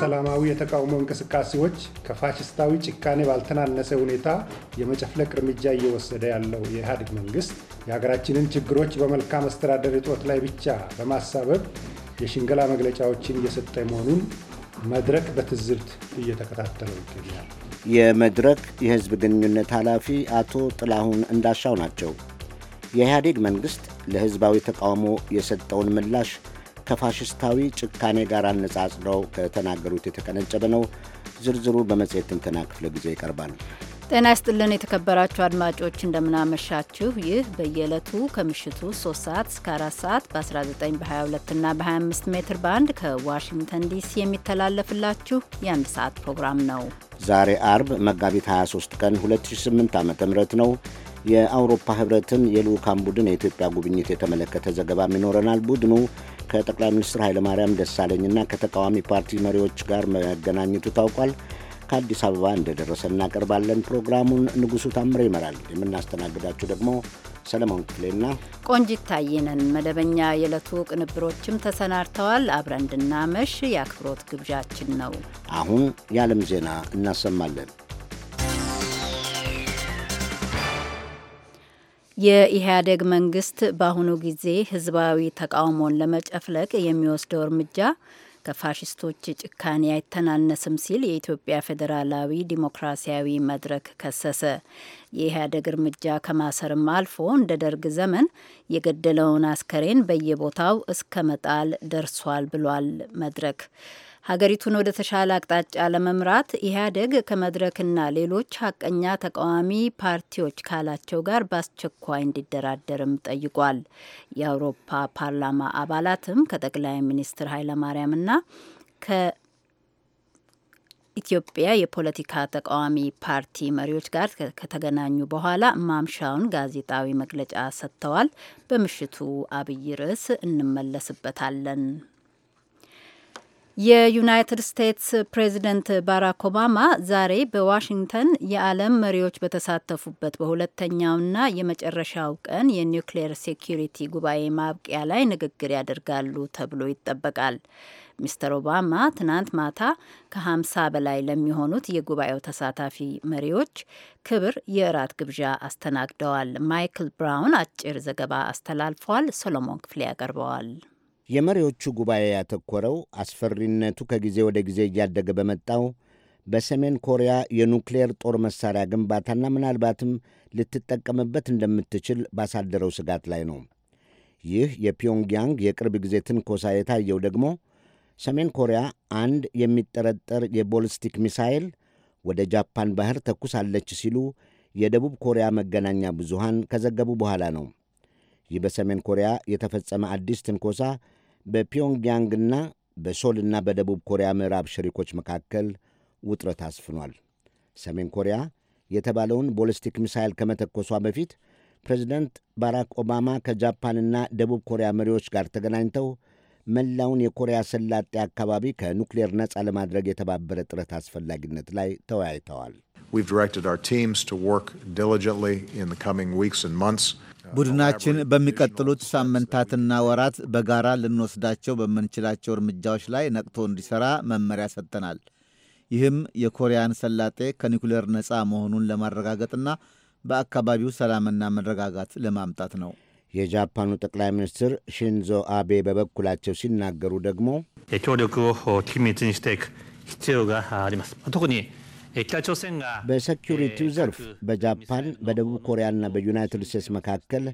ሰላማዊ የተቃውሞ እንቅስቃሴዎች ከፋሽስታዊ ጭካኔ ባልተናነሰ ሁኔታ የመጨፍለቅ እርምጃ እየወሰደ ያለው የኢህአዴግ መንግስት የሀገራችንን ችግሮች በመልካም አስተዳደር እጦት ላይ ብቻ በማሳበብ የሽንገላ መግለጫዎችን እየሰጠ መሆኑን መድረክ በትዝብት እየተከታተለው ይገኛል። የመድረክ የህዝብ ግንኙነት ኃላፊ አቶ ጥላሁን እንዳሻው ናቸው። የኢህአዴግ መንግስት ለህዝባዊ ተቃውሞ የሰጠውን ምላሽ ከፋሽስታዊ ጭካኔ ጋር አነጻጽረው ከተናገሩት የተቀነጨበ ነው። ዝርዝሩ በመጽሔት ትንተና ክፍለ ጊዜ ይቀርባል። ጤና ይስጥልን የተከበራችሁ አድማጮች እንደምናመሻችሁ። ይህ በየዕለቱ ከምሽቱ 3 ሰዓት እስከ 4 ሰዓት በ19 በ22 እና በ25 ሜትር ባንድ ከዋሽንግተን ዲሲ የሚተላለፍላችሁ የአንድ ሰዓት ፕሮግራም ነው። ዛሬ አርብ መጋቢት 23 ቀን 2008 ዓ ም ነው። የአውሮፓ ህብረትን የልዑካን ቡድን የኢትዮጵያ ጉብኝት የተመለከተ ዘገባም ይኖረናል። ቡድኑ ከጠቅላይ ሚኒስትር ኃይለማርያም ደሳለኝና ከተቃዋሚ ፓርቲ መሪዎች ጋር መገናኘቱ ታውቋል። ከአዲስ አበባ እንደደረሰ እናቀርባለን። ፕሮግራሙን ንጉሱ ታምረ ይመራል። የምናስተናግዳችሁ ደግሞ ሰለሞን ክፍሌና ቆንጂት ታየነን። መደበኛ የዕለቱ ቅንብሮችም ተሰናድተዋል። አብረን እንድናመሽ የአክብሮት ግብዣችን ነው። አሁን የዓለም ዜና እናሰማለን። የኢህአዴግ መንግስት በአሁኑ ጊዜ ህዝባዊ ተቃውሞን ለመጨፍለቅ የሚወስደው እርምጃ ከፋሽስቶች ጭካኔ አይተናነስም ሲል የኢትዮጵያ ፌዴራላዊ ዲሞክራሲያዊ መድረክ ከሰሰ። የኢህአዴግ እርምጃ ከማሰርም አልፎ እንደ ደርግ ዘመን የገደለውን አስከሬን በየቦታው እስከ መጣል ደርሷል ብሏል መድረክ። ሀገሪቱን ወደ ተሻለ አቅጣጫ ለመምራት ኢህአደግ ከመድረክና ሌሎች ሀቀኛ ተቃዋሚ ፓርቲዎች ካላቸው ጋር በአስቸኳይ እንዲደራደርም ጠይቋል። የአውሮፓ ፓርላማ አባላትም ከጠቅላይ ሚኒስትር ኃይለማርያምና ኢትዮጵያ የፖለቲካ ተቃዋሚ ፓርቲ መሪዎች ጋር ከተገናኙ በኋላ ማምሻውን ጋዜጣዊ መግለጫ ሰጥተዋል። በምሽቱ አብይ ርዕስ እንመለስበታለን። የዩናይትድ ስቴትስ ፕሬዚደንት ባራክ ኦባማ ዛሬ በዋሽንግተን የዓለም መሪዎች በተሳተፉበት በሁለተኛውና የመጨረሻው ቀን የኒውክሌር ሴኩሪቲ ጉባኤ ማብቂያ ላይ ንግግር ያደርጋሉ ተብሎ ይጠበቃል። ሚስተር ኦባማ ትናንት ማታ ከ50 በላይ ለሚሆኑት የጉባኤው ተሳታፊ መሪዎች ክብር የእራት ግብዣ አስተናግደዋል። ማይክል ብራውን አጭር ዘገባ አስተላልፏል። ሰሎሞን ክፍሌ ያቀርበዋል። የመሪዎቹ ጉባኤ ያተኮረው አስፈሪነቱ ከጊዜ ወደ ጊዜ እያደገ በመጣው በሰሜን ኮሪያ የኑክሌር ጦር መሳሪያ ግንባታና ምናልባትም ልትጠቀምበት እንደምትችል ባሳደረው ስጋት ላይ ነው። ይህ የፒዮንግያንግ የቅርብ ጊዜ ትንኮሳ የታየው ደግሞ ሰሜን ኮሪያ አንድ የሚጠረጠር የቦልስቲክ ሚሳይል ወደ ጃፓን ባህር ተኩሳለች ሲሉ የደቡብ ኮሪያ መገናኛ ብዙሃን ከዘገቡ በኋላ ነው። ይህ በሰሜን ኮሪያ የተፈጸመ አዲስ ትንኮሳ በፒዮንግያንግና በሶልና በደቡብ ኮሪያ ምዕራብ ሸሪኮች መካከል ውጥረት አስፍኗል። ሰሜን ኮሪያ የተባለውን ቦሊስቲክ ሚሳይል ከመተኮሷ በፊት ፕሬዚደንት ባራክ ኦባማ ከጃፓንና ደቡብ ኮሪያ መሪዎች ጋር ተገናኝተው መላውን የኮሪያ ሰላጤ አካባቢ ከኑክሌር ነጻ ለማድረግ የተባበረ ጥረት አስፈላጊነት ላይ ተወያይተዋል። ቡድናችን በሚቀጥሉት ሳምንታትና ወራት በጋራ ልንወስዳቸው በምንችላቸው እርምጃዎች ላይ ነቅቶ እንዲሠራ መመሪያ ሰጥተናል። ይህም የኮሪያን ሰላጤ ከኒኩሌር ነፃ መሆኑን ለማረጋገጥና በአካባቢው ሰላምና መረጋጋት ለማምጣት ነው። የጃፓኑ ጠቅላይ ሚኒስትር ሽንዞ አቤ በበኩላቸው ሲናገሩ ደግሞ በሴኪሪቲው ዘርፍ በጃፓን በደቡብ ኮሪያና በዩናይትድ ስቴትስ መካከል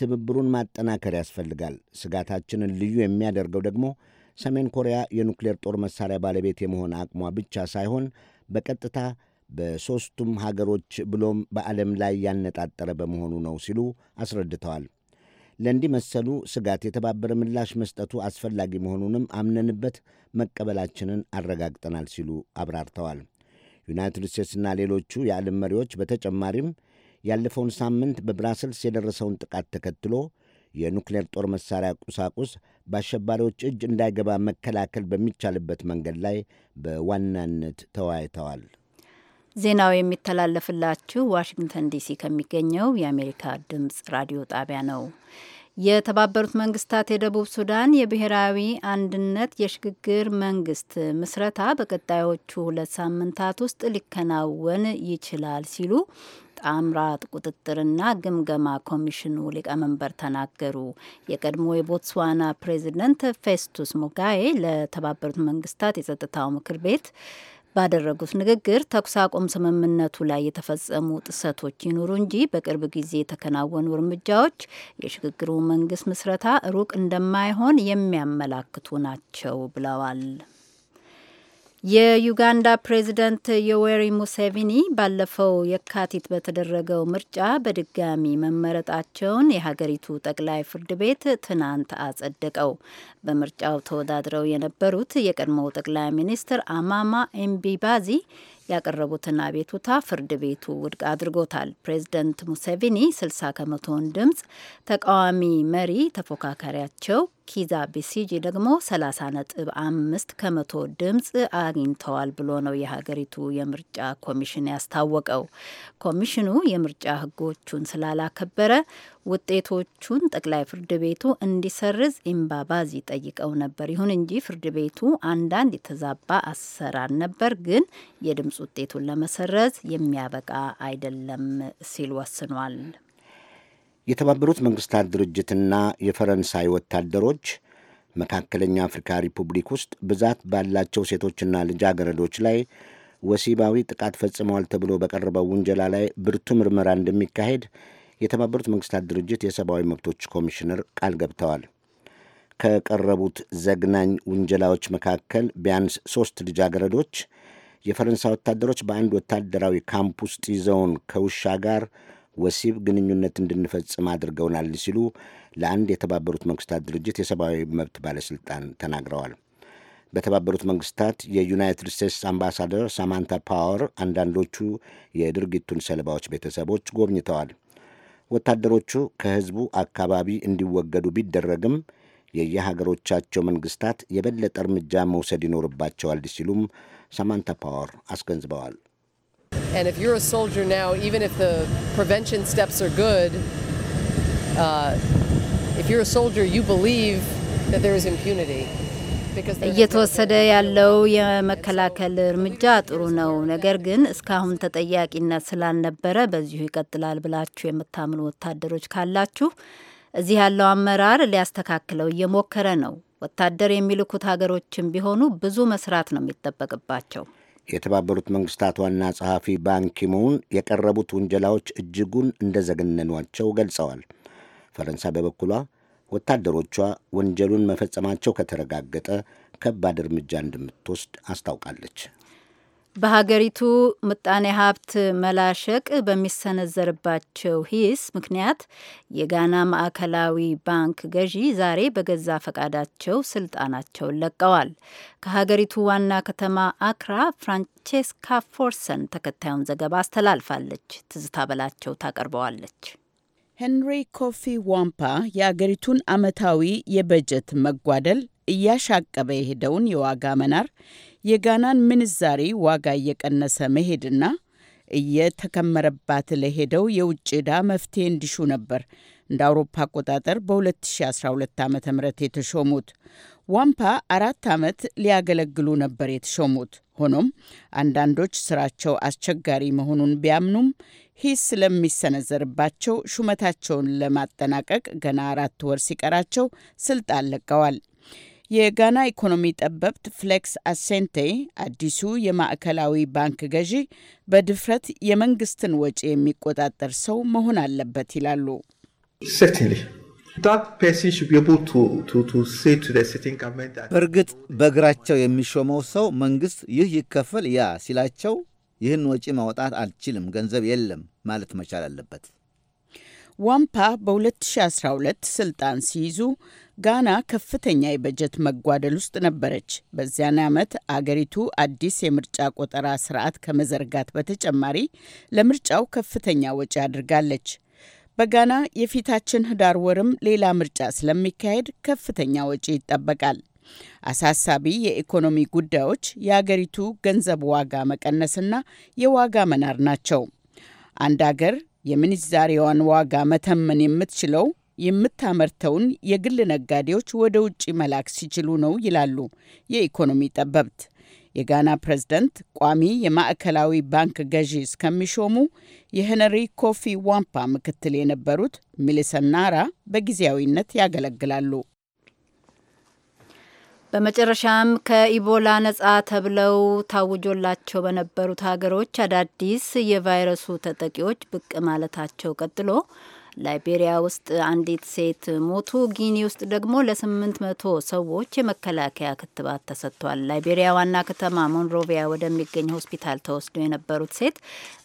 ትብብሩን ማጠናከር ያስፈልጋል። ስጋታችንን ልዩ የሚያደርገው ደግሞ ሰሜን ኮሪያ የኑክሌር ጦር መሳሪያ ባለቤት የመሆን አቅሟ ብቻ ሳይሆን በቀጥታ በሦስቱም ሀገሮች ብሎም በዓለም ላይ ያነጣጠረ በመሆኑ ነው ሲሉ አስረድተዋል። ለእንዲህ መሰሉ ስጋት የተባበረ ምላሽ መስጠቱ አስፈላጊ መሆኑንም አምነንበት መቀበላችንን አረጋግጠናል ሲሉ አብራርተዋል። ዩናይትድ ስቴትስና ሌሎቹ የዓለም መሪዎች በተጨማሪም ያለፈውን ሳምንት በብራስልስ የደረሰውን ጥቃት ተከትሎ የኑክሌር ጦር መሳሪያ ቁሳቁስ በአሸባሪዎች እጅ እንዳይገባ መከላከል በሚቻልበት መንገድ ላይ በዋናነት ተወያይተዋል። ዜናው የሚተላለፍላችሁ ዋሽንግተን ዲሲ ከሚገኘው የአሜሪካ ድምፅ ራዲዮ ጣቢያ ነው። የተባበሩት መንግስታት የደቡብ ሱዳን የብሔራዊ አንድነት የሽግግር መንግስት ምስረታ በቀጣዮቹ ሁለት ሳምንታት ውስጥ ሊከናወን ይችላል ሲሉ ጣምራት ቁጥጥርና ግምገማ ኮሚሽኑ ሊቀመንበር ተናገሩ። የቀድሞ የቦትስዋና ፕሬዚደንት ፌስቱስ ሙጋዬ ለተባበሩት መንግስታት የጸጥታው ምክር ቤት ባደረጉት ንግግር ተኩስ አቁም ስምምነቱ ላይ የተፈጸሙ ጥሰቶች ይኑሩ እንጂ በቅርብ ጊዜ የተከናወኑ እርምጃዎች የሽግግሩ መንግስት ምስረታ ሩቅ እንደማይሆን የሚያመላክቱ ናቸው ብለዋል። የዩጋንዳ ፕሬዚደንት ዮዌሪ ሙሴቪኒ ባለፈው የካቲት በተደረገው ምርጫ በድጋሚ መመረጣቸውን የሀገሪቱ ጠቅላይ ፍርድ ቤት ትናንት አጸደቀው። በምርጫው ተወዳድረው የነበሩት የቀድሞው ጠቅላይ ሚኒስትር አማማ ኤምቢባዚ ያቀረቡትን አቤቱታ ፍርድ ቤቱ ውድቅ አድርጎታል። ፕሬዚደንት ሙሴቪኒ 60 ከመቶውን ድምፅ፣ ተቃዋሚ መሪ ተፎካካሪያቸው ኪዛ ቢሲጂ ደግሞ 30.5 ከመቶ ድምፅ አግኝተዋል ብሎ ነው የሀገሪቱ የምርጫ ኮሚሽን ያስታወቀው። ኮሚሽኑ የምርጫ ሕጎቹን ስላላከበረ ውጤቶቹን ጠቅላይ ፍርድ ቤቱ እንዲሰርዝ ኢምባባዚ ጠይቀው ነበር። ይሁን እንጂ ፍርድ ቤቱ አንዳንድ የተዛባ አሰራር ነበር፣ ግን የድምፅ ውጤቱን ለመሰረዝ የሚያበቃ አይደለም ሲል ወስኗል። የተባበሩት መንግስታት ድርጅትና የፈረንሳይ ወታደሮች መካከለኛ አፍሪካ ሪፑብሊክ ውስጥ ብዛት ባላቸው ሴቶችና ልጃገረዶች ላይ ወሲባዊ ጥቃት ፈጽመዋል ተብሎ በቀረበው ውንጀላ ላይ ብርቱ ምርመራ እንደሚካሄድ የተባበሩት መንግስታት ድርጅት የሰብአዊ መብቶች ኮሚሽነር ቃል ገብተዋል። ከቀረቡት ዘግናኝ ውንጀላዎች መካከል ቢያንስ ሦስት ልጃገረዶች የፈረንሳይ ወታደሮች በአንድ ወታደራዊ ካምፕ ውስጥ ይዘውን ከውሻ ጋር ወሲብ ግንኙነት እንድንፈጽም አድርገውናል ሲሉ ለአንድ የተባበሩት መንግስታት ድርጅት የሰብአዊ መብት ባለሥልጣን ተናግረዋል። በተባበሩት መንግስታት የዩናይትድ ስቴትስ አምባሳደር ሳማንታ ፓወር አንዳንዶቹ የድርጊቱን ሰለባዎች ቤተሰቦች ጎብኝተዋል። ወታደሮቹ ከህዝቡ አካባቢ እንዲወገዱ ቢደረግም የየሀገሮቻቸው መንግስታት የበለጠ እርምጃ መውሰድ ይኖርባቸዋል ሲሉም ሳማንታ ፓወር አስገንዝበዋል። And if you're a soldier now, even if the prevention steps are good, uh, if you're a soldier, you believe that there is impunity. እየተወሰደ ያለው የመከላከል እርምጃ ጥሩ ነው። ነገር ግን እስካሁን ተጠያቂነት ስላልነበረ በዚሁ ይቀጥላል ብላችሁ የምታምኑ ወታደሮች ካላችሁ እዚህ ያለው አመራር ሊያስተካክለው እየሞከረ ነው። ወታደር የሚልኩት ሀገሮችም ቢሆኑ ብዙ መስራት ነው የሚጠበቅባቸው። የተባበሩት መንግስታት ዋና ጸሐፊ ባንኪሙን የቀረቡት ውንጀላዎች እጅጉን እንደዘገነኗቸው ገልጸዋል። ፈረንሳይ በበኩሏ ወታደሮቿ ወንጀሉን መፈጸማቸው ከተረጋገጠ ከባድ እርምጃ እንደምትወስድ አስታውቃለች። በሀገሪቱ ምጣኔ ሀብት መላሸቅ በሚሰነዘርባቸው ሂስ ምክንያት የጋና ማዕከላዊ ባንክ ገዢ ዛሬ በገዛ ፈቃዳቸው ስልጣናቸውን ለቀዋል። ከሀገሪቱ ዋና ከተማ አክራ ፍራንቼስካ ፎርሰን ተከታዩን ዘገባ አስተላልፋለች። ትዝታ በላቸው ታቀርበዋለች። ሄንሪ ኮፊ ዋምፓ የአገሪቱን አመታዊ የበጀት መጓደል እያሻቀበ የሄደውን የዋጋ መናር የጋናን ምንዛሪ ዋጋ እየቀነሰ መሄድና እየተከመረባት ለሄደው የውጭ ዕዳ መፍትሄ እንዲሹ ነበር እንደ አውሮፓ አቆጣጠር በ2012 ዓ ም የተሾሙት። ዋምፓ አራት ዓመት ሊያገለግሉ ነበር የተሾሙት። ሆኖም አንዳንዶች ስራቸው አስቸጋሪ መሆኑን ቢያምኑም ሂስ ስለሚሰነዘርባቸው ሹመታቸውን ለማጠናቀቅ ገና አራት ወር ሲቀራቸው ስልጣን ለቀዋል። የጋና ኢኮኖሚ ጠበብት ፍሌክስ አሴንቴ አዲሱ የማዕከላዊ ባንክ ገዢ በድፍረት የመንግስትን ወጪ የሚቆጣጠር ሰው መሆን አለበት ይላሉ። በእርግጥ በእግራቸው የሚሾመው ሰው መንግስት ይህ ይከፈል ያ ሲላቸው ይህን ወጪ ማውጣት አልችልም፣ ገንዘብ የለም ማለት መቻል አለበት። ዋምፓ በ2012 ስልጣን ሲይዙ ጋና ከፍተኛ የበጀት መጓደል ውስጥ ነበረች። በዚያን ዓመት አገሪቱ አዲስ የምርጫ ቆጠራ ስርዓት ከመዘርጋት በተጨማሪ ለምርጫው ከፍተኛ ወጪ አድርጋለች። በጋና የፊታችን ህዳር ወርም ሌላ ምርጫ ስለሚካሄድ ከፍተኛ ወጪ ይጠበቃል። አሳሳቢ የኢኮኖሚ ጉዳዮች የአገሪቱ ገንዘብ ዋጋ መቀነስና የዋጋ መናር ናቸው። አንድ አገር የምንዛሬዋን ዋጋ መተመን የምትችለው የምታመርተውን የግል ነጋዴዎች ወደ ውጭ መላክ ሲችሉ ነው ይላሉ የኢኮኖሚ ጠበብት። የጋና ፕሬዝደንት ቋሚ የማዕከላዊ ባንክ ገዢ እስከሚሾሙ የሄነሪ ኮፊ ዋምፓ ምክትል የነበሩት ሚሊሰናራ በጊዜያዊነት ያገለግላሉ። በመጨረሻም ከኢቦላ ነጻ ተብለው ታውጆላቸው በነበሩት ሀገሮች አዳዲስ የቫይረሱ ተጠቂዎች ብቅ ማለታቸው ቀጥሎ ላይቤሪያ ውስጥ አንዲት ሴት ሞቱ። ጊኒ ውስጥ ደግሞ ለስምንት መቶ ሰዎች የመከላከያ ክትባት ተሰጥቷል። ላይቤሪያ ዋና ከተማ ሞንሮቪያ ወደሚገኝ ሆስፒታል ተወስደው የነበሩት ሴት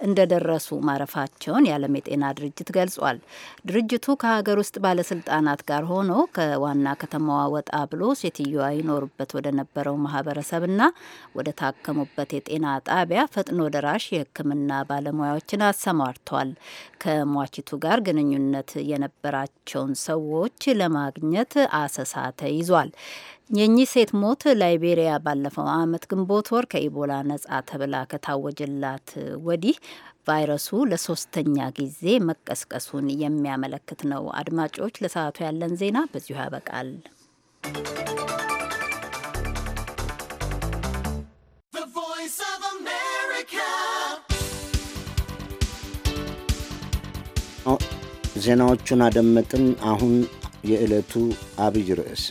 እንደደረሱ ማረፋቸውን የዓለም የጤና ድርጅት ገልጿል። ድርጅቱ ከሀገር ውስጥ ባለስልጣናት ጋር ሆኖ ከዋና ከተማዋ ወጣ ብሎ ሴትዮዋ ይኖሩበት ወደ ነበረው ማህበረሰብና ወደ ታከሙበት የጤና ጣቢያ ፈጥኖ ደራሽ የሕክምና ባለሙያዎችን አሰማርቷል። ከሟቺቱ ጋር ግንኙ ግንኙነት የነበራቸውን ሰዎች ለማግኘት አሰሳ ተይዟል። የእኚህ ሴት ሞት ላይቤሪያ ባለፈው ዓመት ግንቦት ወር ከኢቦላ ነጻ ተብላ ከታወጀላት ወዲህ ቫይረሱ ለሶስተኛ ጊዜ መቀስቀሱን የሚያመለክት ነው። አድማጮች፣ ለሰዓቱ ያለን ዜና በዚሁ ያበቃል። ዜናዎቹን አደመጥን። አሁን የዕለቱ አብይ ርዕስ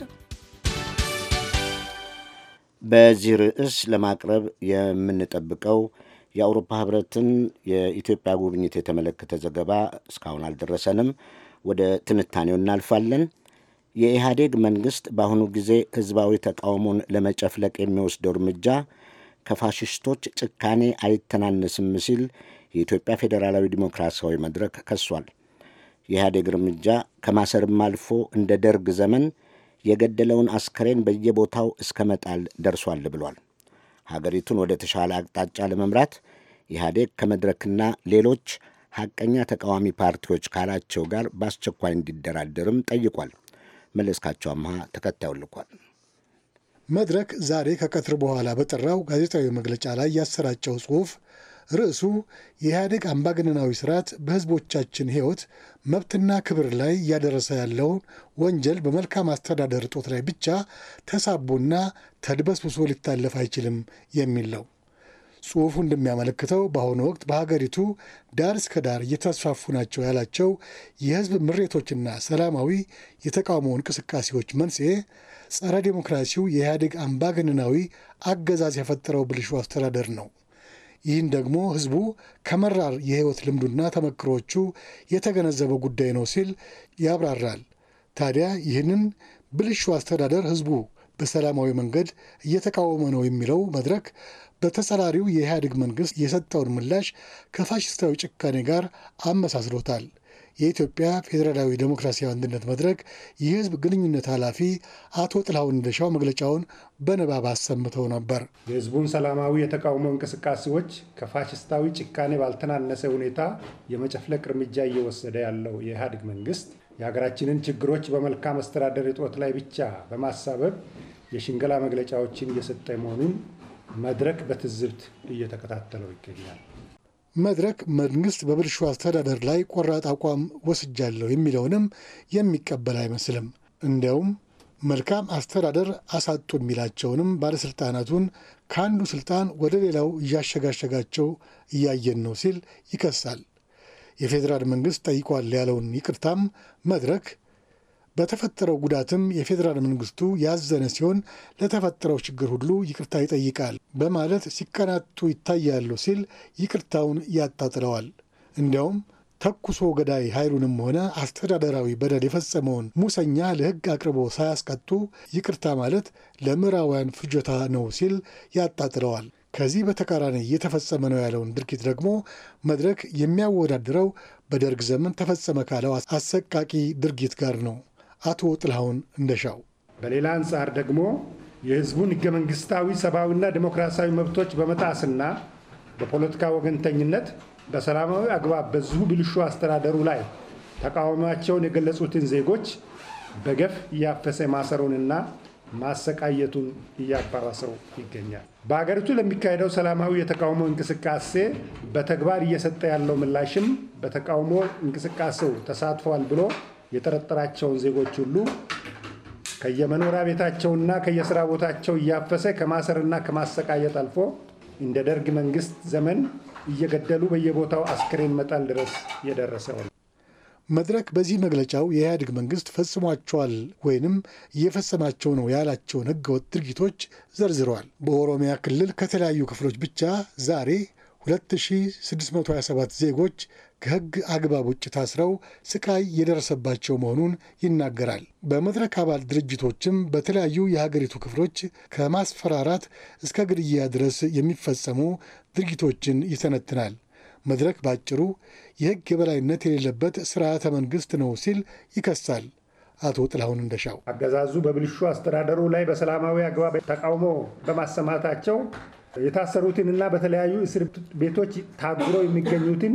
በዚህ ርዕስ ለማቅረብ የምንጠብቀው የአውሮፓ ህብረትን የኢትዮጵያ ጉብኝት የተመለከተ ዘገባ እስካሁን አልደረሰንም። ወደ ትንታኔው እናልፋለን። የኢህአዴግ መንግሥት በአሁኑ ጊዜ ሕዝባዊ ተቃውሞን ለመጨፍለቅ የሚወስደው እርምጃ ከፋሽስቶች ጭካኔ አይተናነስም ሲል የኢትዮጵያ ፌዴራላዊ ዲሞክራሲያዊ መድረክ ከሷል። የኢህአዴግ እርምጃ ከማሰርም አልፎ እንደ ደርግ ዘመን የገደለውን አስከሬን በየቦታው እስከ መጣል ደርሷል ብሏል። ሀገሪቱን ወደ ተሻለ አቅጣጫ ለመምራት ኢህአዴግ ከመድረክና ሌሎች ሐቀኛ ተቃዋሚ ፓርቲዎች ካላቸው ጋር በአስቸኳይ እንዲደራደርም ጠይቋል። መለስካቸው አምሃ ተከታዩ ልኳል። መድረክ ዛሬ ከቀትር በኋላ በጠራው ጋዜጣዊ መግለጫ ላይ ያሰራጨው ጽሑፍ ርዕሱ የኢህአዴግ አምባገነናዊ ስርዓት በህዝቦቻችን ህይወት መብትና ክብር ላይ እያደረሰ ያለውን ወንጀል በመልካም አስተዳደር እጦት ላይ ብቻ ተሳቦና ተድበስብሶ ሊታለፍ አይችልም የሚል ነው። ጽሑፉ እንደሚያመለክተው በአሁኑ ወቅት በሀገሪቱ ዳር እስከ ዳር እየተስፋፉ ናቸው ያላቸው የህዝብ ምሬቶችና ሰላማዊ የተቃውሞ እንቅስቃሴዎች መንስኤ ጸረ ዴሞክራሲው የኢህአዴግ አምባገነናዊ አገዛዝ የፈጠረው ብልሹ አስተዳደር ነው። ይህን ደግሞ ህዝቡ ከመራር የህይወት ልምዱና ተመክሮቹ የተገነዘበ ጉዳይ ነው ሲል ያብራራል። ታዲያ ይህንን ብልሹ አስተዳደር ህዝቡ በሰላማዊ መንገድ እየተቃወመ ነው የሚለው መድረክ በተጸራሪው የኢህአዴግ መንግስት የሰጠውን ምላሽ ከፋሽስታዊ ጭካኔ ጋር አመሳስሎታል። የኢትዮጵያ ፌዴራላዊ ዴሞክራሲያዊ አንድነት መድረክ የህዝብ ግንኙነት ኃላፊ አቶ ጥላሁን እንደሻው መግለጫውን በንባብ አሰምተው ነበር። የህዝቡን ሰላማዊ የተቃውሞ እንቅስቃሴዎች ከፋሽስታዊ ጭካኔ ባልተናነሰ ሁኔታ የመጨፍለቅ እርምጃ እየወሰደ ያለው የኢህአዴግ መንግስት የሀገራችንን ችግሮች በመልካም አስተዳደር እጦት ላይ ብቻ በማሳበብ የሽንገላ መግለጫዎችን እየሰጠ መሆኑን መድረክ በትዝብት እየተከታተለው ይገኛል። መድረክ መንግስት በብልሹ አስተዳደር ላይ ቆራጥ አቋም ወስጃለሁ የሚለውንም የሚቀበል አይመስልም። እንዲያውም መልካም አስተዳደር አሳጡ የሚላቸውንም ባለሥልጣናቱን ከአንዱ ስልጣን ወደ ሌላው እያሸጋሸጋቸው እያየን ነው ሲል ይከሳል። የፌዴራል መንግስት ጠይቋል ያለውን ይቅርታም መድረክ በተፈጠረው ጉዳትም የፌዴራል መንግስቱ ያዘነ ሲሆን ለተፈጠረው ችግር ሁሉ ይቅርታ ይጠይቃል በማለት ሲቀናቱ ይታያሉ ሲል ይቅርታውን ያጣጥለዋል። እንዲያውም ተኩሶ ገዳይ ኃይሉንም ሆነ አስተዳደራዊ በደል የፈጸመውን ሙሰኛ ለሕግ አቅርቦ ሳያስቀጡ ይቅርታ ማለት ለምዕራባውያን ፍጆታ ነው ሲል ያጣጥለዋል። ከዚህ በተቃራኒ እየተፈጸመ ነው ያለውን ድርጊት ደግሞ መድረክ የሚያወዳድረው በደርግ ዘመን ተፈጸመ ካለው አሰቃቂ ድርጊት ጋር ነው። አቶ ጥላሁን እንደሻው። በሌላ አንጻር ደግሞ የህዝቡን ህገ መንግስታዊ ሰብአዊና ዲሞክራሲያዊ መብቶች በመጣስና በፖለቲካ ወገንተኝነት በሰላማዊ አግባብ በዚሁ ብልሹ አስተዳደሩ ላይ ተቃውሟቸውን የገለጹትን ዜጎች በገፍ እያፈሰ ማሰሩንና ማሰቃየቱን እያባባሰው ይገኛል። በሀገሪቱ ለሚካሄደው ሰላማዊ የተቃውሞ እንቅስቃሴ በተግባር እየሰጠ ያለው ምላሽም በተቃውሞ እንቅስቃሴው ተሳትፏል ብሎ የጠረጠራቸውን ዜጎች ሁሉ ከየመኖሪያ ቤታቸውና ከየስራ ቦታቸው እያፈሰ ከማሰርና ከማሰቃየት አልፎ እንደ ደርግ መንግስት ዘመን እየገደሉ በየቦታው አስክሬን መጣል ድረስ የደረሰ ነው። መድረክ በዚህ መግለጫው የኢህአዴግ መንግስት ፈጽሟቸዋል ወይንም እየፈጸማቸው ነው ያላቸውን ህገወጥ ድርጊቶች ዘርዝረዋል። በኦሮሚያ ክልል ከተለያዩ ክፍሎች ብቻ ዛሬ 2627 ዜጎች ከሕግ አግባብ ውጭ ታስረው ስቃይ የደረሰባቸው መሆኑን ይናገራል። በመድረክ አባል ድርጅቶችም በተለያዩ የሀገሪቱ ክፍሎች ከማስፈራራት እስከ ግድያ ድረስ የሚፈጸሙ ድርጊቶችን ይተነትናል። መድረክ ባጭሩ የሕግ የበላይነት የሌለበት ስርዓተ መንግስት ነው ሲል ይከሳል። አቶ ጥላሁን እንደሻው አገዛዙ በብልሹ አስተዳደሩ ላይ በሰላማዊ አግባብ ተቃውሞ በማሰማታቸው የታሰሩትንና በተለያዩ እስር ቤቶች ታጉረው የሚገኙትን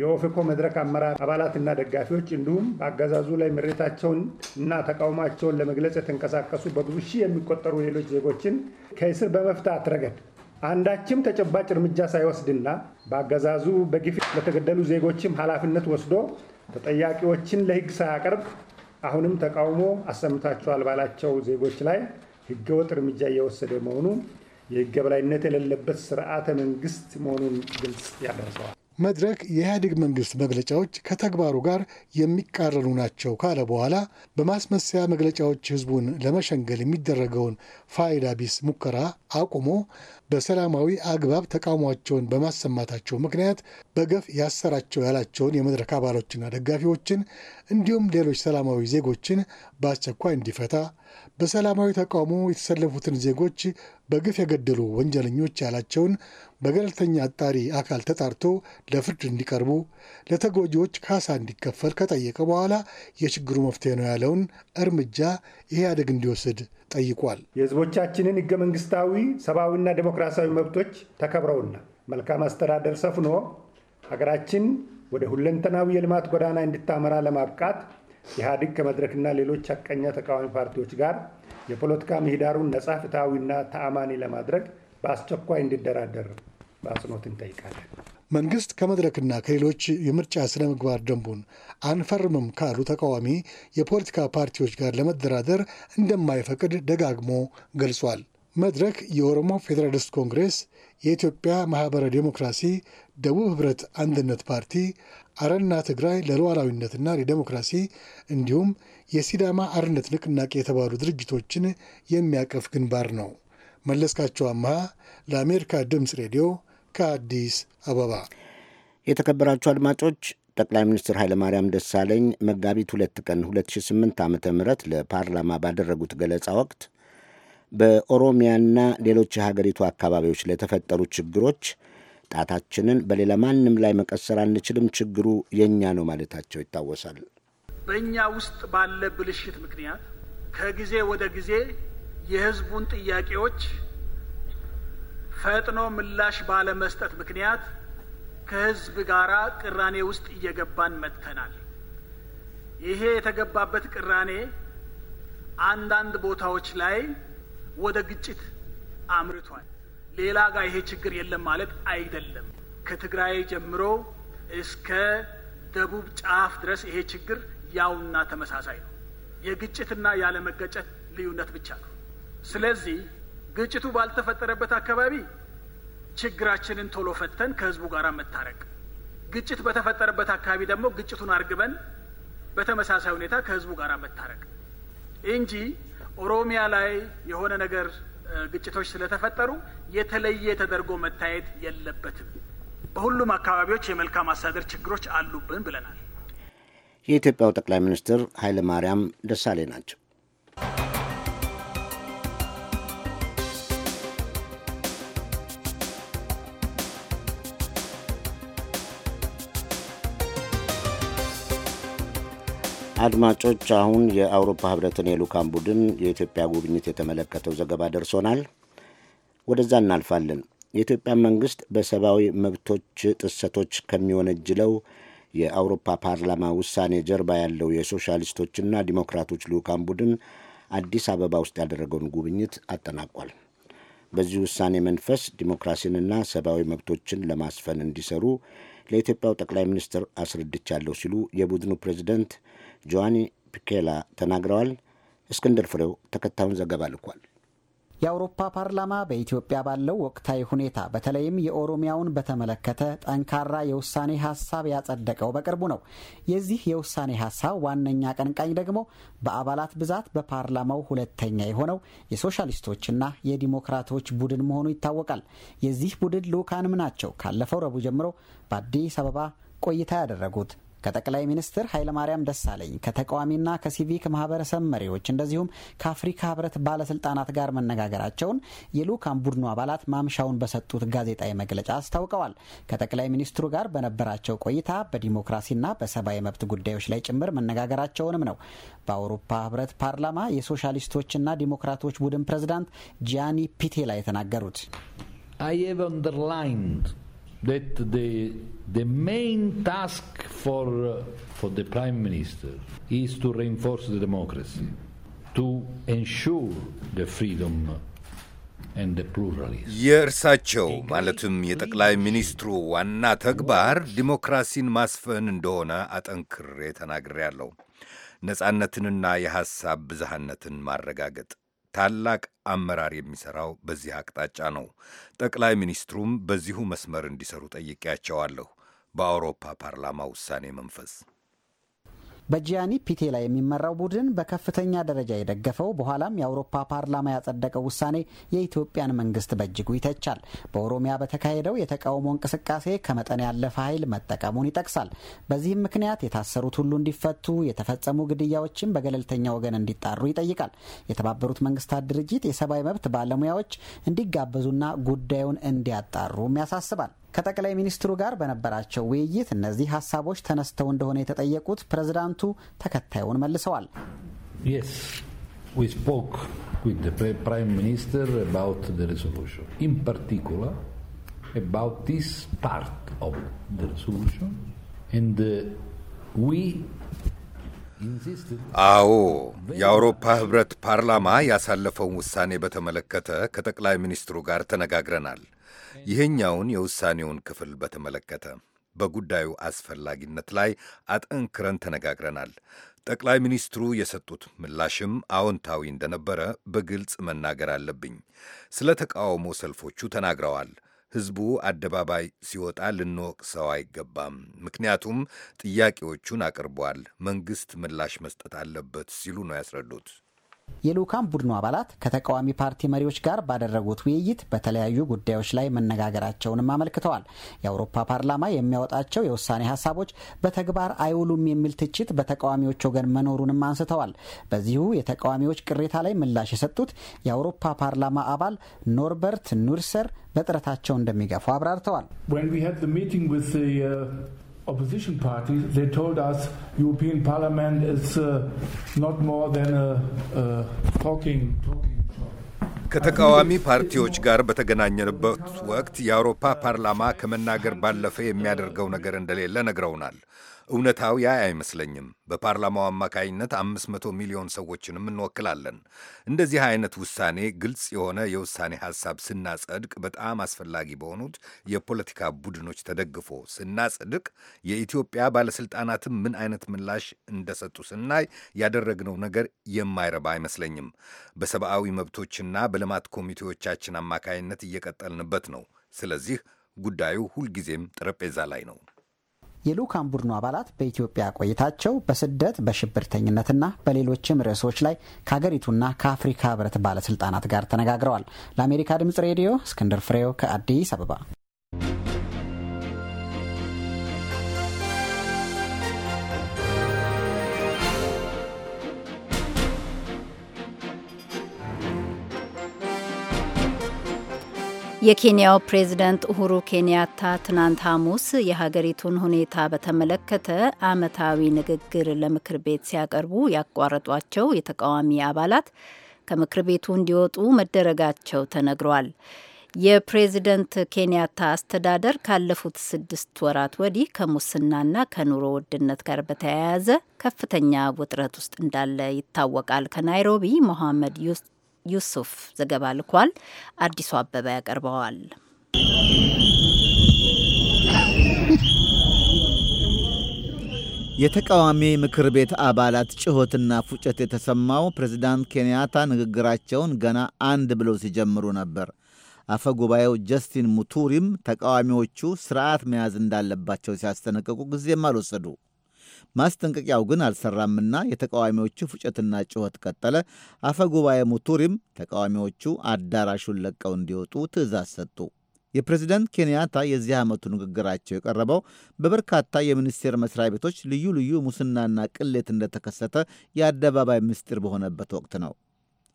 የኦፌኮ መድረክ አመራር አባላትና ደጋፊዎች እንዲሁም በአገዛዙ ላይ ምሬታቸውን እና ተቃውሟቸውን ለመግለጽ የተንቀሳቀሱ በብዙ ሺህ የሚቆጠሩ ሌሎች ዜጎችን ከእስር በመፍታት ረገድ አንዳችም ተጨባጭ እርምጃ ሳይወስድና በአገዛዙ በግፍ ለተገደሉ ዜጎችም ኃላፊነት ወስዶ ተጠያቂዎችን ለሕግ ሳያቀርብ አሁንም ተቃውሞ አሰምታቸዋል ባላቸው ዜጎች ላይ ሕገወጥ እርምጃ እየወሰደ መሆኑ የህገ በላይነት የሌለበት ስርዓተ መንግስት መሆኑን ግልጽ ያደርሰዋል። መድረክ የኢህአዴግ መንግስት መግለጫዎች ከተግባሩ ጋር የሚቃረኑ ናቸው ካለ በኋላ በማስመሰያ መግለጫዎች ህዝቡን ለመሸንገል የሚደረገውን ፋይዳ ቢስ ሙከራ አቁሞ በሰላማዊ አግባብ ተቃውሟቸውን በማሰማታቸው ምክንያት በገፍ ያሰራቸው ያላቸውን የመድረክ አባሎችና ደጋፊዎችን እንዲሁም ሌሎች ሰላማዊ ዜጎችን በአስቸኳይ እንዲፈታ በሰላማዊ ተቃውሞ የተሰለፉትን ዜጎች በግፍ የገደሉ ወንጀለኞች ያላቸውን በገለልተኛ አጣሪ አካል ተጣርቶ ለፍርድ እንዲቀርቡ፣ ለተጎጂዎች ካሳ እንዲከፈል ከጠየቀ በኋላ የችግሩ መፍትሄ ነው ያለውን እርምጃ ኢህአዴግ እንዲወስድ ጠይቋል። የህዝቦቻችንን ህገ መንግስታዊ ሰብአዊና ዴሞክራሲያዊ መብቶች ተከብረውና መልካም አስተዳደር ሰፍኖ ሀገራችን ወደ ሁለንተናዊ የልማት ጎዳና እንድታመራ ለማብቃት ኢህአዴግ ከመድረክና ሌሎች ሀቀኛ ተቃዋሚ ፓርቲዎች ጋር የፖለቲካ ምህዳሩን ነጻ፣ ፍትሐዊና ተአማኒ ለማድረግ በአስቸኳይ እንዲደራደር በአጽንኦት እንጠይቃለን። መንግስት ከመድረክና ከሌሎች የምርጫ ስነ ምግባር ደንቡን አንፈርምም ካሉ ተቃዋሚ የፖለቲካ ፓርቲዎች ጋር ለመደራደር እንደማይፈቅድ ደጋግሞ ገልጿል። መድረክ፣ የኦሮሞ ፌዴራሊስት ኮንግሬስ፣ የኢትዮጵያ ማህበረ ዴሞክራሲ፣ ደቡብ ህብረት አንድነት ፓርቲ፣ አረና ትግራይ ለሉዓላዊነትና ለዲሞክራሲ እንዲሁም የሲዳማ አርነት ንቅናቄ የተባሉ ድርጅቶችን የሚያቀፍ ግንባር ነው። መለስካቸው አምሃ ለአሜሪካ ድምፅ ሬዲዮ ከአዲስ አበባ። የተከበራችሁ አድማጮች ጠቅላይ ሚኒስትር ኃይለማርያም ደሳለኝ መጋቢት ሁለት ቀን 2008 ዓ ም ለፓርላማ ባደረጉት ገለጻ ወቅት በኦሮሚያና ሌሎች የሀገሪቱ አካባቢዎች ለተፈጠሩ ችግሮች ጣታችንን በሌላ ማንም ላይ መቀሰር አንችልም፣ ችግሩ የእኛ ነው ማለታቸው ይታወሳል። በእኛ ውስጥ ባለ ብልሽት ምክንያት ከጊዜ ወደ ጊዜ የህዝቡን ጥያቄዎች ፈጥኖ ምላሽ ባለመስጠት ምክንያት ከህዝብ ጋር ቅራኔ ውስጥ እየገባን መጥተናል። ይሄ የተገባበት ቅራኔ አንዳንድ ቦታዎች ላይ ወደ ግጭት አምርቷል። ሌላ ጋር ይሄ ችግር የለም ማለት አይደለም። ከትግራይ ጀምሮ እስከ ደቡብ ጫፍ ድረስ ይሄ ችግር ያውና ተመሳሳይ ነው። የግጭትና ያለመገጨት ልዩነት ብቻ ነው። ስለዚህ ግጭቱ ባልተፈጠረበት አካባቢ ችግራችንን ቶሎ ፈተን ከህዝቡ ጋር መታረቅ፣ ግጭት በተፈጠረበት አካባቢ ደግሞ ግጭቱን አርግበን በተመሳሳይ ሁኔታ ከህዝቡ ጋር መታረቅ እንጂ ኦሮሚያ ላይ የሆነ ነገር ግጭቶች ስለተፈጠሩ የተለየ ተደርጎ መታየት የለበትም። በሁሉም አካባቢዎች የመልካም አስተዳደር ችግሮች አሉብን ብለናል። የኢትዮጵያው ጠቅላይ ሚኒስትር ኃይለ ማርያም ደሳሌ ናቸው። አድማጮች፣ አሁን የአውሮፓ ህብረትን የልዑካን ቡድን የኢትዮጵያ ጉብኝት የተመለከተው ዘገባ ደርሶናል። ወደዛ እናልፋለን። የኢትዮጵያ መንግስት በሰብአዊ መብቶች ጥሰቶች ከሚወነጅለው የአውሮፓ ፓርላማ ውሳኔ ጀርባ ያለው የሶሻሊስቶችና ዲሞክራቶች ልዑካን ቡድን አዲስ አበባ ውስጥ ያደረገውን ጉብኝት አጠናቋል። በዚህ ውሳኔ መንፈስ ዲሞክራሲንና ሰብአዊ መብቶችን ለማስፈን እንዲሰሩ ለኢትዮጵያው ጠቅላይ ሚኒስትር አስረድቻለሁ ሲሉ የቡድኑ ፕሬዚደንት ጆዋኒ ፒኬላ ተናግረዋል። እስክንድር ፍሬው ተከታዩን ዘገባ ልኳል። የአውሮፓ ፓርላማ በኢትዮጵያ ባለው ወቅታዊ ሁኔታ በተለይም የኦሮሚያውን በተመለከተ ጠንካራ የውሳኔ ሀሳብ ያጸደቀው በቅርቡ ነው። የዚህ የውሳኔ ሀሳብ ዋነኛ አቀንቃኝ ደግሞ በአባላት ብዛት በፓርላማው ሁለተኛ የሆነው የሶሻሊስቶችና የዲሞክራቶች ቡድን መሆኑ ይታወቃል። የዚህ ቡድን ልዑካንም ናቸው ካለፈው ረቡዕ ጀምሮ በአዲስ አበባ ቆይታ ያደረጉት ከጠቅላይ ሚኒስትር ኃይለማርያም ደሳለኝ ከተቃዋሚና ከሲቪክ ማህበረሰብ መሪዎች እንደዚሁም ከአፍሪካ ህብረት ባለስልጣናት ጋር መነጋገራቸውን የልዑካን ቡድኑ አባላት ማምሻውን በሰጡት ጋዜጣዊ መግለጫ አስታውቀዋል። ከጠቅላይ ሚኒስትሩ ጋር በነበራቸው ቆይታ በዲሞክራሲና በሰብአዊ መብት ጉዳዮች ላይ ጭምር መነጋገራቸውንም ነው በአውሮፓ ህብረት ፓርላማ የሶሻሊስቶችና ዲሞክራቶች ቡድን ፕሬዝዳንት ጂያኒ ፒቴላ የተናገሩት። I have underlined that the, the main task for, uh, for the Prime Minister is to reinforce the democracy, to ensure the freedom የእርሳቸው ማለትም የጠቅላይ ሚኒስትሩ ዋና ተግባር ዲሞክራሲን ማስፈን እንደሆነ አጠንክሬ ተናግሬያለሁ። ነጻነትንና የሐሳብ ብዝሃነትን ማረጋገጥ ታላቅ አመራር የሚሰራው በዚህ አቅጣጫ ነው። ጠቅላይ ሚኒስትሩም በዚሁ መስመር እንዲሰሩ ጠይቄያቸዋለሁ። በአውሮፓ ፓርላማ ውሳኔ መንፈስ በጂያኒ ፒቴ ላይ የሚመራው ቡድን በከፍተኛ ደረጃ የደገፈው በኋላም የአውሮፓ ፓርላማ ያጸደቀው ውሳኔ የኢትዮጵያን መንግስት በእጅጉ ይተቻል። በኦሮሚያ በተካሄደው የተቃውሞ እንቅስቃሴ ከመጠን ያለፈ ኃይል መጠቀሙን ይጠቅሳል። በዚህም ምክንያት የታሰሩት ሁሉ እንዲፈቱ፣ የተፈጸሙ ግድያዎችን በገለልተኛ ወገን እንዲጣሩ ይጠይቃል። የተባበሩት መንግስታት ድርጅት የሰብአዊ መብት ባለሙያዎች እንዲጋበዙና ጉዳዩን እንዲያጣሩም ያሳስባል። ከጠቅላይ ሚኒስትሩ ጋር በነበራቸው ውይይት እነዚህ ሀሳቦች ተነስተው እንደሆነ የተጠየቁት ፕሬዝዳንቱ ተከታዩን መልሰዋል። uh, አዎ የአውሮፓ ህብረት ፓርላማ ያሳለፈውን ውሳኔ በተመለከተ ከጠቅላይ ሚኒስትሩ ጋር ተነጋግረናል። ይህኛውን የውሳኔውን ክፍል በተመለከተ በጉዳዩ አስፈላጊነት ላይ አጠንክረን ተነጋግረናል። ጠቅላይ ሚኒስትሩ የሰጡት ምላሽም አዎንታዊ እንደነበረ በግልጽ መናገር አለብኝ። ስለ ተቃውሞ ሰልፎቹ ተናግረዋል። ሕዝቡ አደባባይ ሲወጣ ሰው አይገባም፣ ምክንያቱም ጥያቄዎቹን አቅርቧል። መንግሥት ምላሽ መስጠት አለበት ሲሉ ነው ያስረዱት። የልኡካን ቡድኑ አባላት ከተቃዋሚ ፓርቲ መሪዎች ጋር ባደረጉት ውይይት በተለያዩ ጉዳዮች ላይ መነጋገራቸውንም አመልክተዋል። የአውሮፓ ፓርላማ የሚያወጣቸው የውሳኔ ሀሳቦች በተግባር አይውሉም የሚል ትችት በተቃዋሚዎች ወገን መኖሩንም አንስተዋል። በዚሁ የተቃዋሚዎች ቅሬታ ላይ ምላሽ የሰጡት የአውሮፓ ፓርላማ አባል ኖርበርት ኑርሰር በጥረታቸው እንደሚገፉ አብራርተዋል። opposition parties, they told us European Parliament is uh, not more than a, a talking, talking ከተቃዋሚ ፓርቲዎች ጋር በተገናኘንበት ወቅት የአውሮፓ ፓርላማ ከመናገር ባለፈ የሚያደርገው ነገር እንደሌለ ነግረውናል። እውነታው ያ አይመስለኝም። በፓርላማው አማካይነት 500 ሚሊዮን ሰዎችንም እንወክላለን። እንደዚህ አይነት ውሳኔ ግልጽ የሆነ የውሳኔ ሐሳብ ስናጸድቅ፣ በጣም አስፈላጊ በሆኑት የፖለቲካ ቡድኖች ተደግፎ ስናጸድቅ፣ የኢትዮጵያ ባለሥልጣናትም ምን አይነት ምላሽ እንደሰጡ ስናይ ያደረግነው ነገር የማይረባ አይመስለኝም። በሰብአዊ መብቶችና በልማት ኮሚቴዎቻችን አማካይነት እየቀጠልንበት ነው። ስለዚህ ጉዳዩ ሁልጊዜም ጠረጴዛ ላይ ነው። የልዑካን ቡድኑ አባላት በኢትዮጵያ ቆይታቸው በስደት በሽብርተኝነትና በሌሎችም ርዕሶች ላይ ከሀገሪቱና ከአፍሪካ ህብረት ባለስልጣናት ጋር ተነጋግረዋል። ለአሜሪካ ድምጽ ሬዲዮ እስክንድር ፍሬው ከአዲስ አበባ የኬንያው ፕሬዝደንት ኡሁሩ ኬንያታ ትናንት ሐሙስ የሀገሪቱን ሁኔታ በተመለከተ አመታዊ ንግግር ለምክር ቤት ሲያቀርቡ ያቋረጧቸው የተቃዋሚ አባላት ከምክር ቤቱ እንዲወጡ መደረጋቸው ተነግሯል። የፕሬዝደንት ኬንያታ አስተዳደር ካለፉት ስድስት ወራት ወዲህ ከሙስናና ከኑሮ ውድነት ጋር በተያያዘ ከፍተኛ ውጥረት ውስጥ እንዳለ ይታወቃል። ከናይሮቢ ዩስ ዩሱፍ ዘገባ ልኳል። አዲሱ አበባ ያቀርበዋል። የተቃዋሚ ምክር ቤት አባላት ጩኸትና ፉጨት የተሰማው ፕሬዚዳንት ኬንያታ ንግግራቸውን ገና አንድ ብለው ሲጀምሩ ነበር። አፈ ጉባኤው ጀስቲን ሙቱሪም ተቃዋሚዎቹ ስርዓት መያዝ እንዳለባቸው ሲያስጠነቅቁ ጊዜም አልወሰዱ። ማስጠንቀቂያው ግን አልሰራምና የተቃዋሚዎቹ ፍጨትና ጩኸት ቀጠለ። አፈ ጉባኤ ሙቱሪም ተቃዋሚዎቹ አዳራሹን ለቀው እንዲወጡ ትዕዛዝ ሰጡ። የፕሬዝደንት ኬንያታ የዚህ ዓመቱ ንግግራቸው የቀረበው በበርካታ የሚኒስቴር መስሪያ ቤቶች ልዩ ልዩ ሙስናና ቅሌት እንደተከሰተ የአደባባይ ምስጢር በሆነበት ወቅት ነው።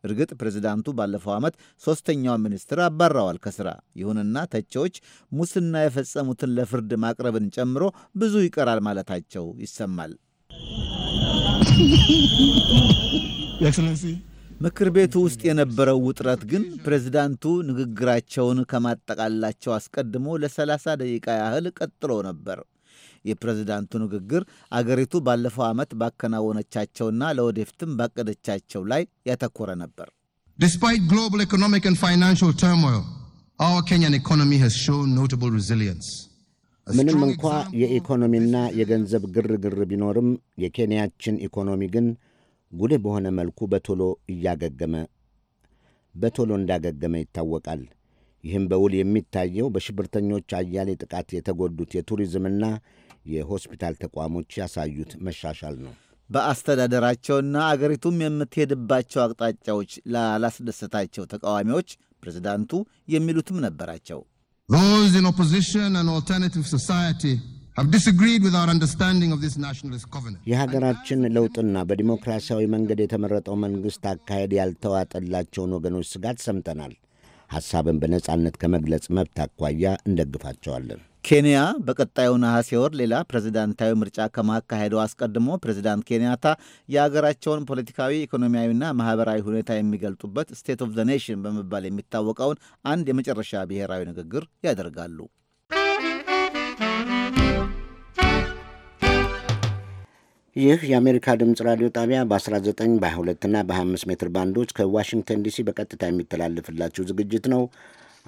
እርግጥ ፕሬዚዳንቱ ባለፈው ዓመት ሦስተኛውን ሚኒስትር አባረዋል ከሥራ። ይሁንና ተቺዎች ሙስና የፈጸሙትን ለፍርድ ማቅረብን ጨምሮ ብዙ ይቀራል ማለታቸው ይሰማል። ምክር ቤቱ ውስጥ የነበረው ውጥረት ግን ፕሬዚዳንቱ ንግግራቸውን ከማጠቃላቸው አስቀድሞ ለ30 ደቂቃ ያህል ቀጥሎ ነበር። የፕሬዝዳንቱ ንግግር አገሪቱ ባለፈው ዓመት ባከናወነቻቸውና ለወደፊትም ባቀደቻቸው ላይ ያተኮረ ነበር። Despite global economic and financial turmoil, our Kenyan economy has shown notable resilience. ምንም እንኳ የኢኮኖሚና የገንዘብ ግርግር ቢኖርም የኬንያችን ኢኮኖሚ ግን ጉልህ በሆነ መልኩ በቶሎ እያገገመ በቶሎ እንዳገገመ ይታወቃል። ይህም በውል የሚታየው በሽብርተኞች አያሌ ጥቃት የተጎዱት የቱሪዝምና የሆስፒታል ተቋሞች ያሳዩት መሻሻል ነው። በአስተዳደራቸውና አገሪቱም የምትሄድባቸው አቅጣጫዎች ላላስደሰታቸው ተቃዋሚዎች ፕሬዝዳንቱ የሚሉትም ነበራቸው። የሀገራችን ለውጥና በዲሞክራሲያዊ መንገድ የተመረጠው መንግሥት አካሄድ ያልተዋጠላቸውን ወገኖች ስጋት ሰምተናል። ሐሳብን በነጻነት ከመግለጽ መብት አኳያ እንደግፋቸዋለን። ኬንያ በቀጣዩ ነሐሴ ወር ሌላ ፕሬዚዳንታዊ ምርጫ ከማካሄደው አስቀድሞ ፕሬዚዳንት ኬንያታ የአገራቸውን ፖለቲካዊ፣ ኢኮኖሚያዊና ማህበራዊ ሁኔታ የሚገልጡበት ስቴት ኦፍ ዘ ኔሽን በመባል የሚታወቀውን አንድ የመጨረሻ ብሔራዊ ንግግር ያደርጋሉ። ይህ የአሜሪካ ድምፅ ራዲዮ ጣቢያ በ19 በ22ና በ25 ሜትር ባንዶች ከዋሽንግተን ዲሲ በቀጥታ የሚተላለፍላችሁ ዝግጅት ነው።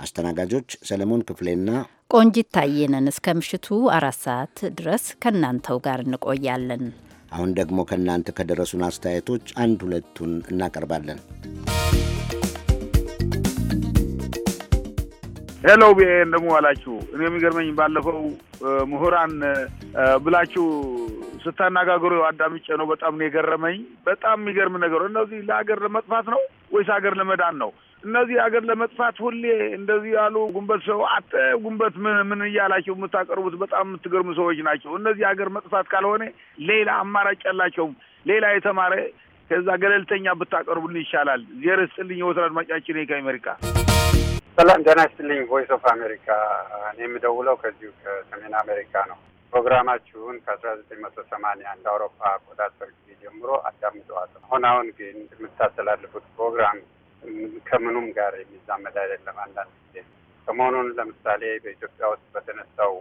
አስተናጋጆች ሰለሞን ክፍሌና ቆንጂት ታየነን እስከ ምሽቱ አራት ሰዓት ድረስ ከእናንተው ጋር እንቆያለን። አሁን ደግሞ ከእናንተ ከደረሱን አስተያየቶች አንድ ሁለቱን እናቀርባለን። ሄሎ ቢኤ እንደምን ዋላችሁ። እኔ የሚገርመኝ ባለፈው ምሁራን ብላችሁ ስታነጋግሩ አዳምጬ ነው። በጣም ነው የገረመኝ። በጣም የሚገርም ነገር እነዚህ ለሀገር ለመጥፋት ነው ወይስ ሀገር ለመዳን ነው? እነዚህ ሀገር ለመጥፋት ሁሌ እንደዚህ ያሉ ጉንበት ሰው አጠ ጉንበት ምን ምን እያላቸው የምታቀርቡት በጣም የምትገርሙ ሰዎች ናቸው። እነዚህ ሀገር መጥፋት ካልሆነ ሌላ አማራጭ ያላቸውም። ሌላ የተማረ ከዛ ገለልተኛ ብታቀርቡልን ይሻላል። ዜር ስጥልኝ። ወትር አድማጫችን ከአሜሪካ ሰላም ጤና ይስጥልኝ። ቮይስ ኦፍ አሜሪካ እኔ የምደውለው ከዚሁ ከሰሜን አሜሪካ ነው። ፕሮግራማችሁን ከአስራ ዘጠኝ መቶ ሰማንያ እንደ አውሮፓ አቆጣጠር ጊዜ ጀምሮ አዳምጠዋለሁ። አሁን አሁን ግን የምታስተላልፉት ፕሮግራም ከምኑም ጋር የሚዛመድ አይደለም። አንዳንድ ጊዜ ሰሞኑን ለምሳሌ በኢትዮጵያ ውስጥ በተነሳው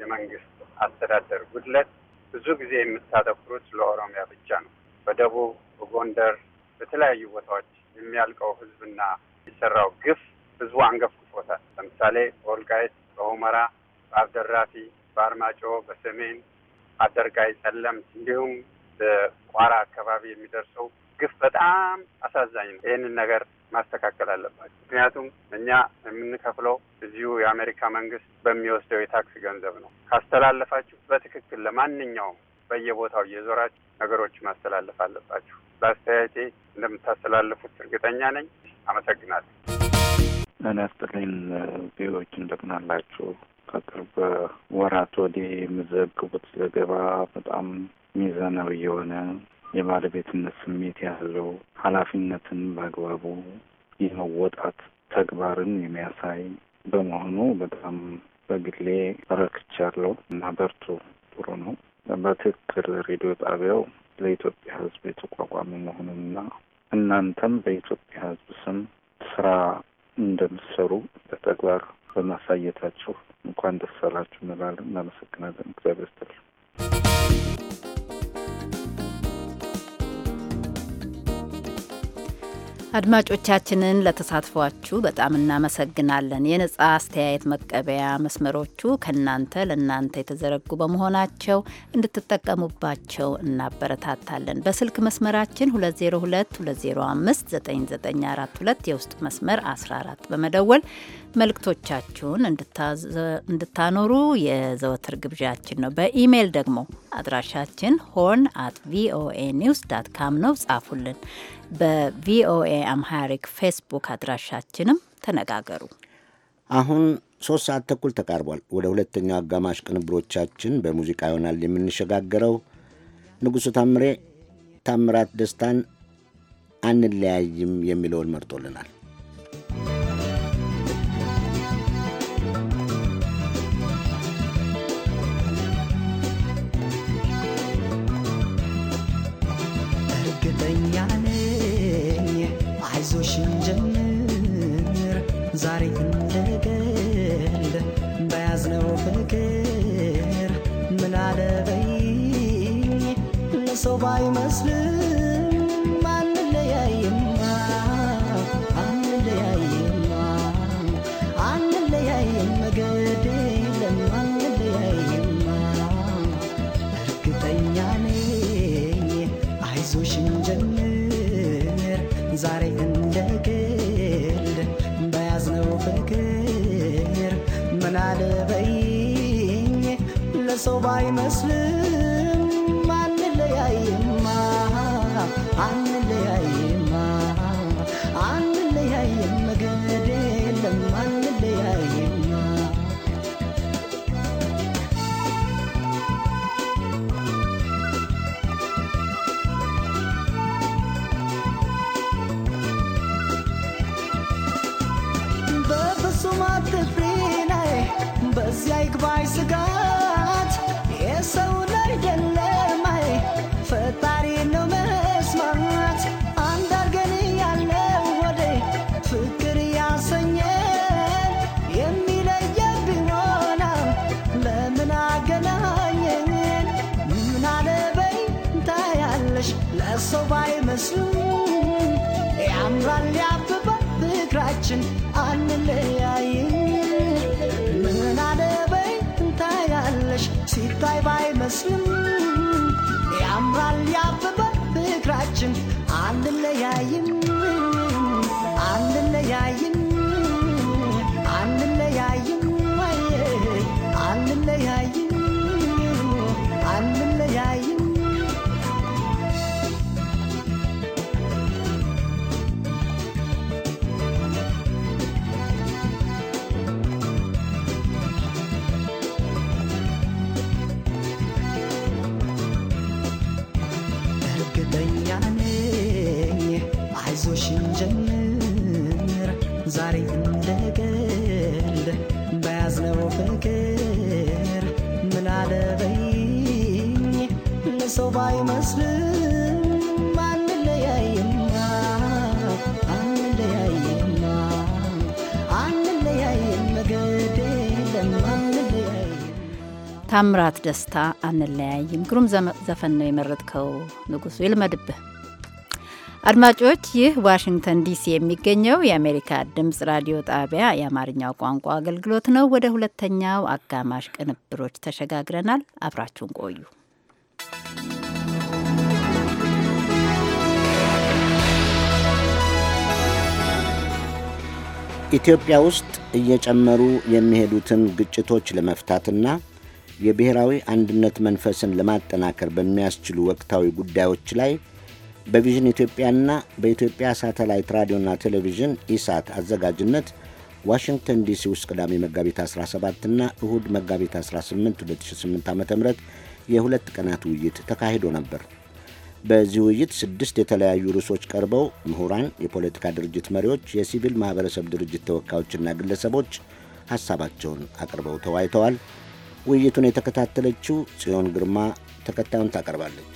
የመንግስት አስተዳደር ጉድለት ብዙ ጊዜ የምታተኩሩት ለኦሮሚያ ብቻ ነው። በደቡብ፣ በጎንደር፣ በተለያዩ ቦታዎች የሚያልቀው ህዝብና የሰራው ግፍ ህዝቡ አንገፍግፎታል። ለምሳሌ በወልቃይት፣ በሁመራ፣ በአብደራፊ፣ በአርማጮ፣ በሰሜን አደርጋይ፣ ጸለምት እንዲሁም በቋራ አካባቢ የሚደርሰው ግፍ በጣም አሳዛኝ ነው። ይህንን ነገር ማስተካከል አለባቸው። ምክንያቱም እኛ የምንከፍለው እዚሁ የአሜሪካ መንግስት በሚወስደው የታክስ ገንዘብ ነው። ካስተላለፋችሁ በትክክል ለማንኛውም በየቦታው እየዞራችሁ ነገሮች ማስተላለፍ አለባችሁ። በአስተያየቴ እንደምታስተላልፉት እርግጠኛ ነኝ። አመሰግናለሁ። እኔ ስጥልኝ ቪዎች እንደምናላችሁ ከቅርብ ወራት ወዲህ የሚዘግቡት ዘገባ በጣም ሚዛናዊ የሆነ የባለቤትነት ስሜት ያለው ኃላፊነትን በአግባቡ የመወጣት ተግባርን የሚያሳይ በመሆኑ በጣም በግሌ ረክቻለሁ እና በርቱ። ጥሩ ነው። በትክክል ሬዲዮ ጣቢያው ለኢትዮጵያ ሕዝብ የተቋቋመ መሆኑንና እናንተም በኢትዮጵያ ሕዝብ ስም ስራ እንደምትሰሩ በተግባር በማሳየታችሁ እንኳን ደስ አላችሁ እንላለን። እናመሰግናለን። እግዚአብሔር ይስጥልን። አድማጮቻችንን ለተሳትፏችሁ በጣም እናመሰግናለን። የነጻ አስተያየት መቀበያ መስመሮቹ ከእናንተ ለእናንተ የተዘረጉ በመሆናቸው እንድትጠቀሙባቸው እናበረታታለን። በስልክ መስመራችን 2022059942 የውስጥ መስመር 14 በመደወል መልእክቶቻችሁን እንድታኖሩ የዘወትር ግብዣችን ነው። በኢሜይል ደግሞ አድራሻችን ሆርን አት ቪኦኤ ኒውስ ዳት ካም ነው። ጻፉልን። በቪኦኤ አምሃሪክ ፌስቡክ አድራሻችንም ተነጋገሩ። አሁን ሶስት ሰዓት ተኩል ተቃርቧል። ወደ ሁለተኛው አጋማሽ ቅንብሮቻችን በሙዚቃ ይሆናል የምንሸጋገረው። ንጉሡ ታምሬ ታምራት ደስታን አንለያይም የሚለውን መርጦልናል። ባይመስልም አንለያይማ አንለያይማ አንለያይም መገድ የለም አንለያይማ እርግጠኛ ነኝ አይዞሽ እንጀምር ዛሬ እንደ ግል በያዝነው ፍቅር ምናለበይኝ ለሰው ባይመስልም watching ታምራት ደስታ አንለያይም። ግሩም ዘፈን ነው የመረጥከው ንጉሱ፣ ይልመድብህ። አድማጮች፣ ይህ ዋሽንግተን ዲሲ የሚገኘው የአሜሪካ ድምፅ ራዲዮ ጣቢያ የአማርኛው ቋንቋ አገልግሎት ነው። ወደ ሁለተኛው አጋማሽ ቅንብሮች ተሸጋግረናል። አብራችሁን ቆዩ። ኢትዮጵያ ውስጥ እየጨመሩ የሚሄዱትን ግጭቶች ለመፍታትና የብሔራዊ አንድነት መንፈስን ለማጠናከር በሚያስችሉ ወቅታዊ ጉዳዮች ላይ በቪዥን ኢትዮጵያና በኢትዮጵያ ሳተላይት ራዲዮና ቴሌቪዥን ኢሳት አዘጋጅነት ዋሽንግተን ዲሲ ውስጥ ቅዳሜ መጋቢት 17ና እሁድ መጋቢት 18 2008 ዓ ም የሁለት ቀናት ውይይት ተካሂዶ ነበር። በዚህ ውይይት ስድስት የተለያዩ ርዕሶች ቀርበው ምሁራን፣ የፖለቲካ ድርጅት መሪዎች፣ የሲቪል ማኅበረሰብ ድርጅት ተወካዮችና ግለሰቦች ሐሳባቸውን አቅርበው ተወያይተዋል። ውይይቱን የተከታተለችው ጽዮን ግርማ ተከታዩን ታቀርባለች።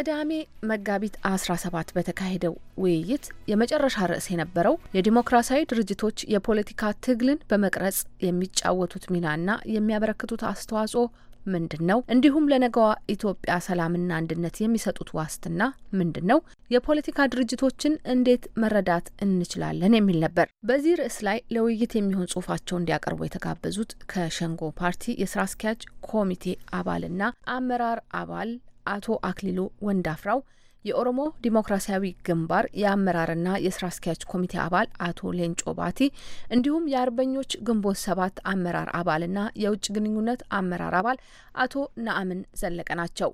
ቅዳሜ መጋቢት 17 በተካሄደው ውይይት የመጨረሻ ርዕስ የነበረው የዲሞክራሲያዊ ድርጅቶች የፖለቲካ ትግልን በመቅረጽ የሚጫወቱት ሚናና የሚያበረክቱት አስተዋጽኦ ምንድን ነው? እንዲሁም ለነገዋ ኢትዮጵያ ሰላምና አንድነት የሚሰጡት ዋስትና ምንድን ነው? የፖለቲካ ድርጅቶችን እንዴት መረዳት እንችላለን? የሚል ነበር። በዚህ ርዕስ ላይ ለውይይት የሚሆን ጽሁፋቸው እንዲያቀርቡ የተጋበዙት ከሸንጎ ፓርቲ የስራ አስኪያጅ ኮሚቴ አባልና አመራር አባል አቶ አክሊሉ ወንዳፍራው የኦሮሞ ዲሞክራሲያዊ ግንባር የአመራርና የስራ አስኪያጅ ኮሚቴ አባል አቶ ሌንጮ ባቲ እንዲሁም የአርበኞች ግንቦት ሰባት አመራር አባልና የውጭ ግንኙነት አመራር አባል አቶ ነአምን ዘለቀ ናቸው።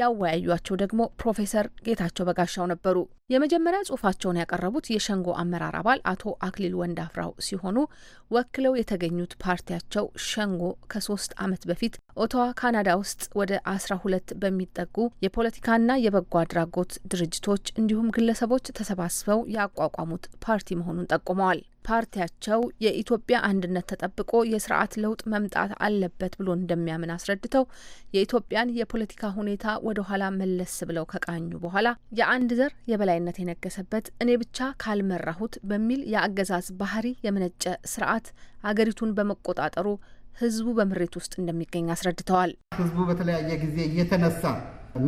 ያወያዩቸው ደግሞ ፕሮፌሰር ጌታቸው በጋሻው ነበሩ። የመጀመሪያ ጽሁፋቸውን ያቀረቡት የሸንጎ አመራር አባል አቶ አክሊል ወንዳፍራው ሲሆኑ ወክለው የተገኙት ፓርቲያቸው ሸንጎ ከሶስት አመት በፊት ኦቶዋ ካናዳ ውስጥ ወደ አስራ ሁለት በሚጠጉ የፖለቲካና የበጎ አድራጎት ድርጅቶች እንዲሁም ግለሰቦች ተሰባስበው ያቋቋሙት ፓርቲ መሆኑን ጠቁመዋል። ፓርቲያቸው የኢትዮጵያ አንድነት ተጠብቆ የስርዓት ለውጥ መምጣት አለበት ብሎ እንደሚያምን አስረድተው የኢትዮጵያን የፖለቲካ ሁኔታ ወደ ኋላ መለስ ብለው ከቃኙ በኋላ የአንድ ዘር የበላይነት የነገሰበት እኔ ብቻ ካልመራሁት በሚል የአገዛዝ ባህሪ የመነጨ ስርዓት አገሪቱን በመቆጣጠሩ ህዝቡ በምሬት ውስጥ እንደሚገኝ አስረድተዋል። ህዝቡ በተለያየ ጊዜ እየተነሳ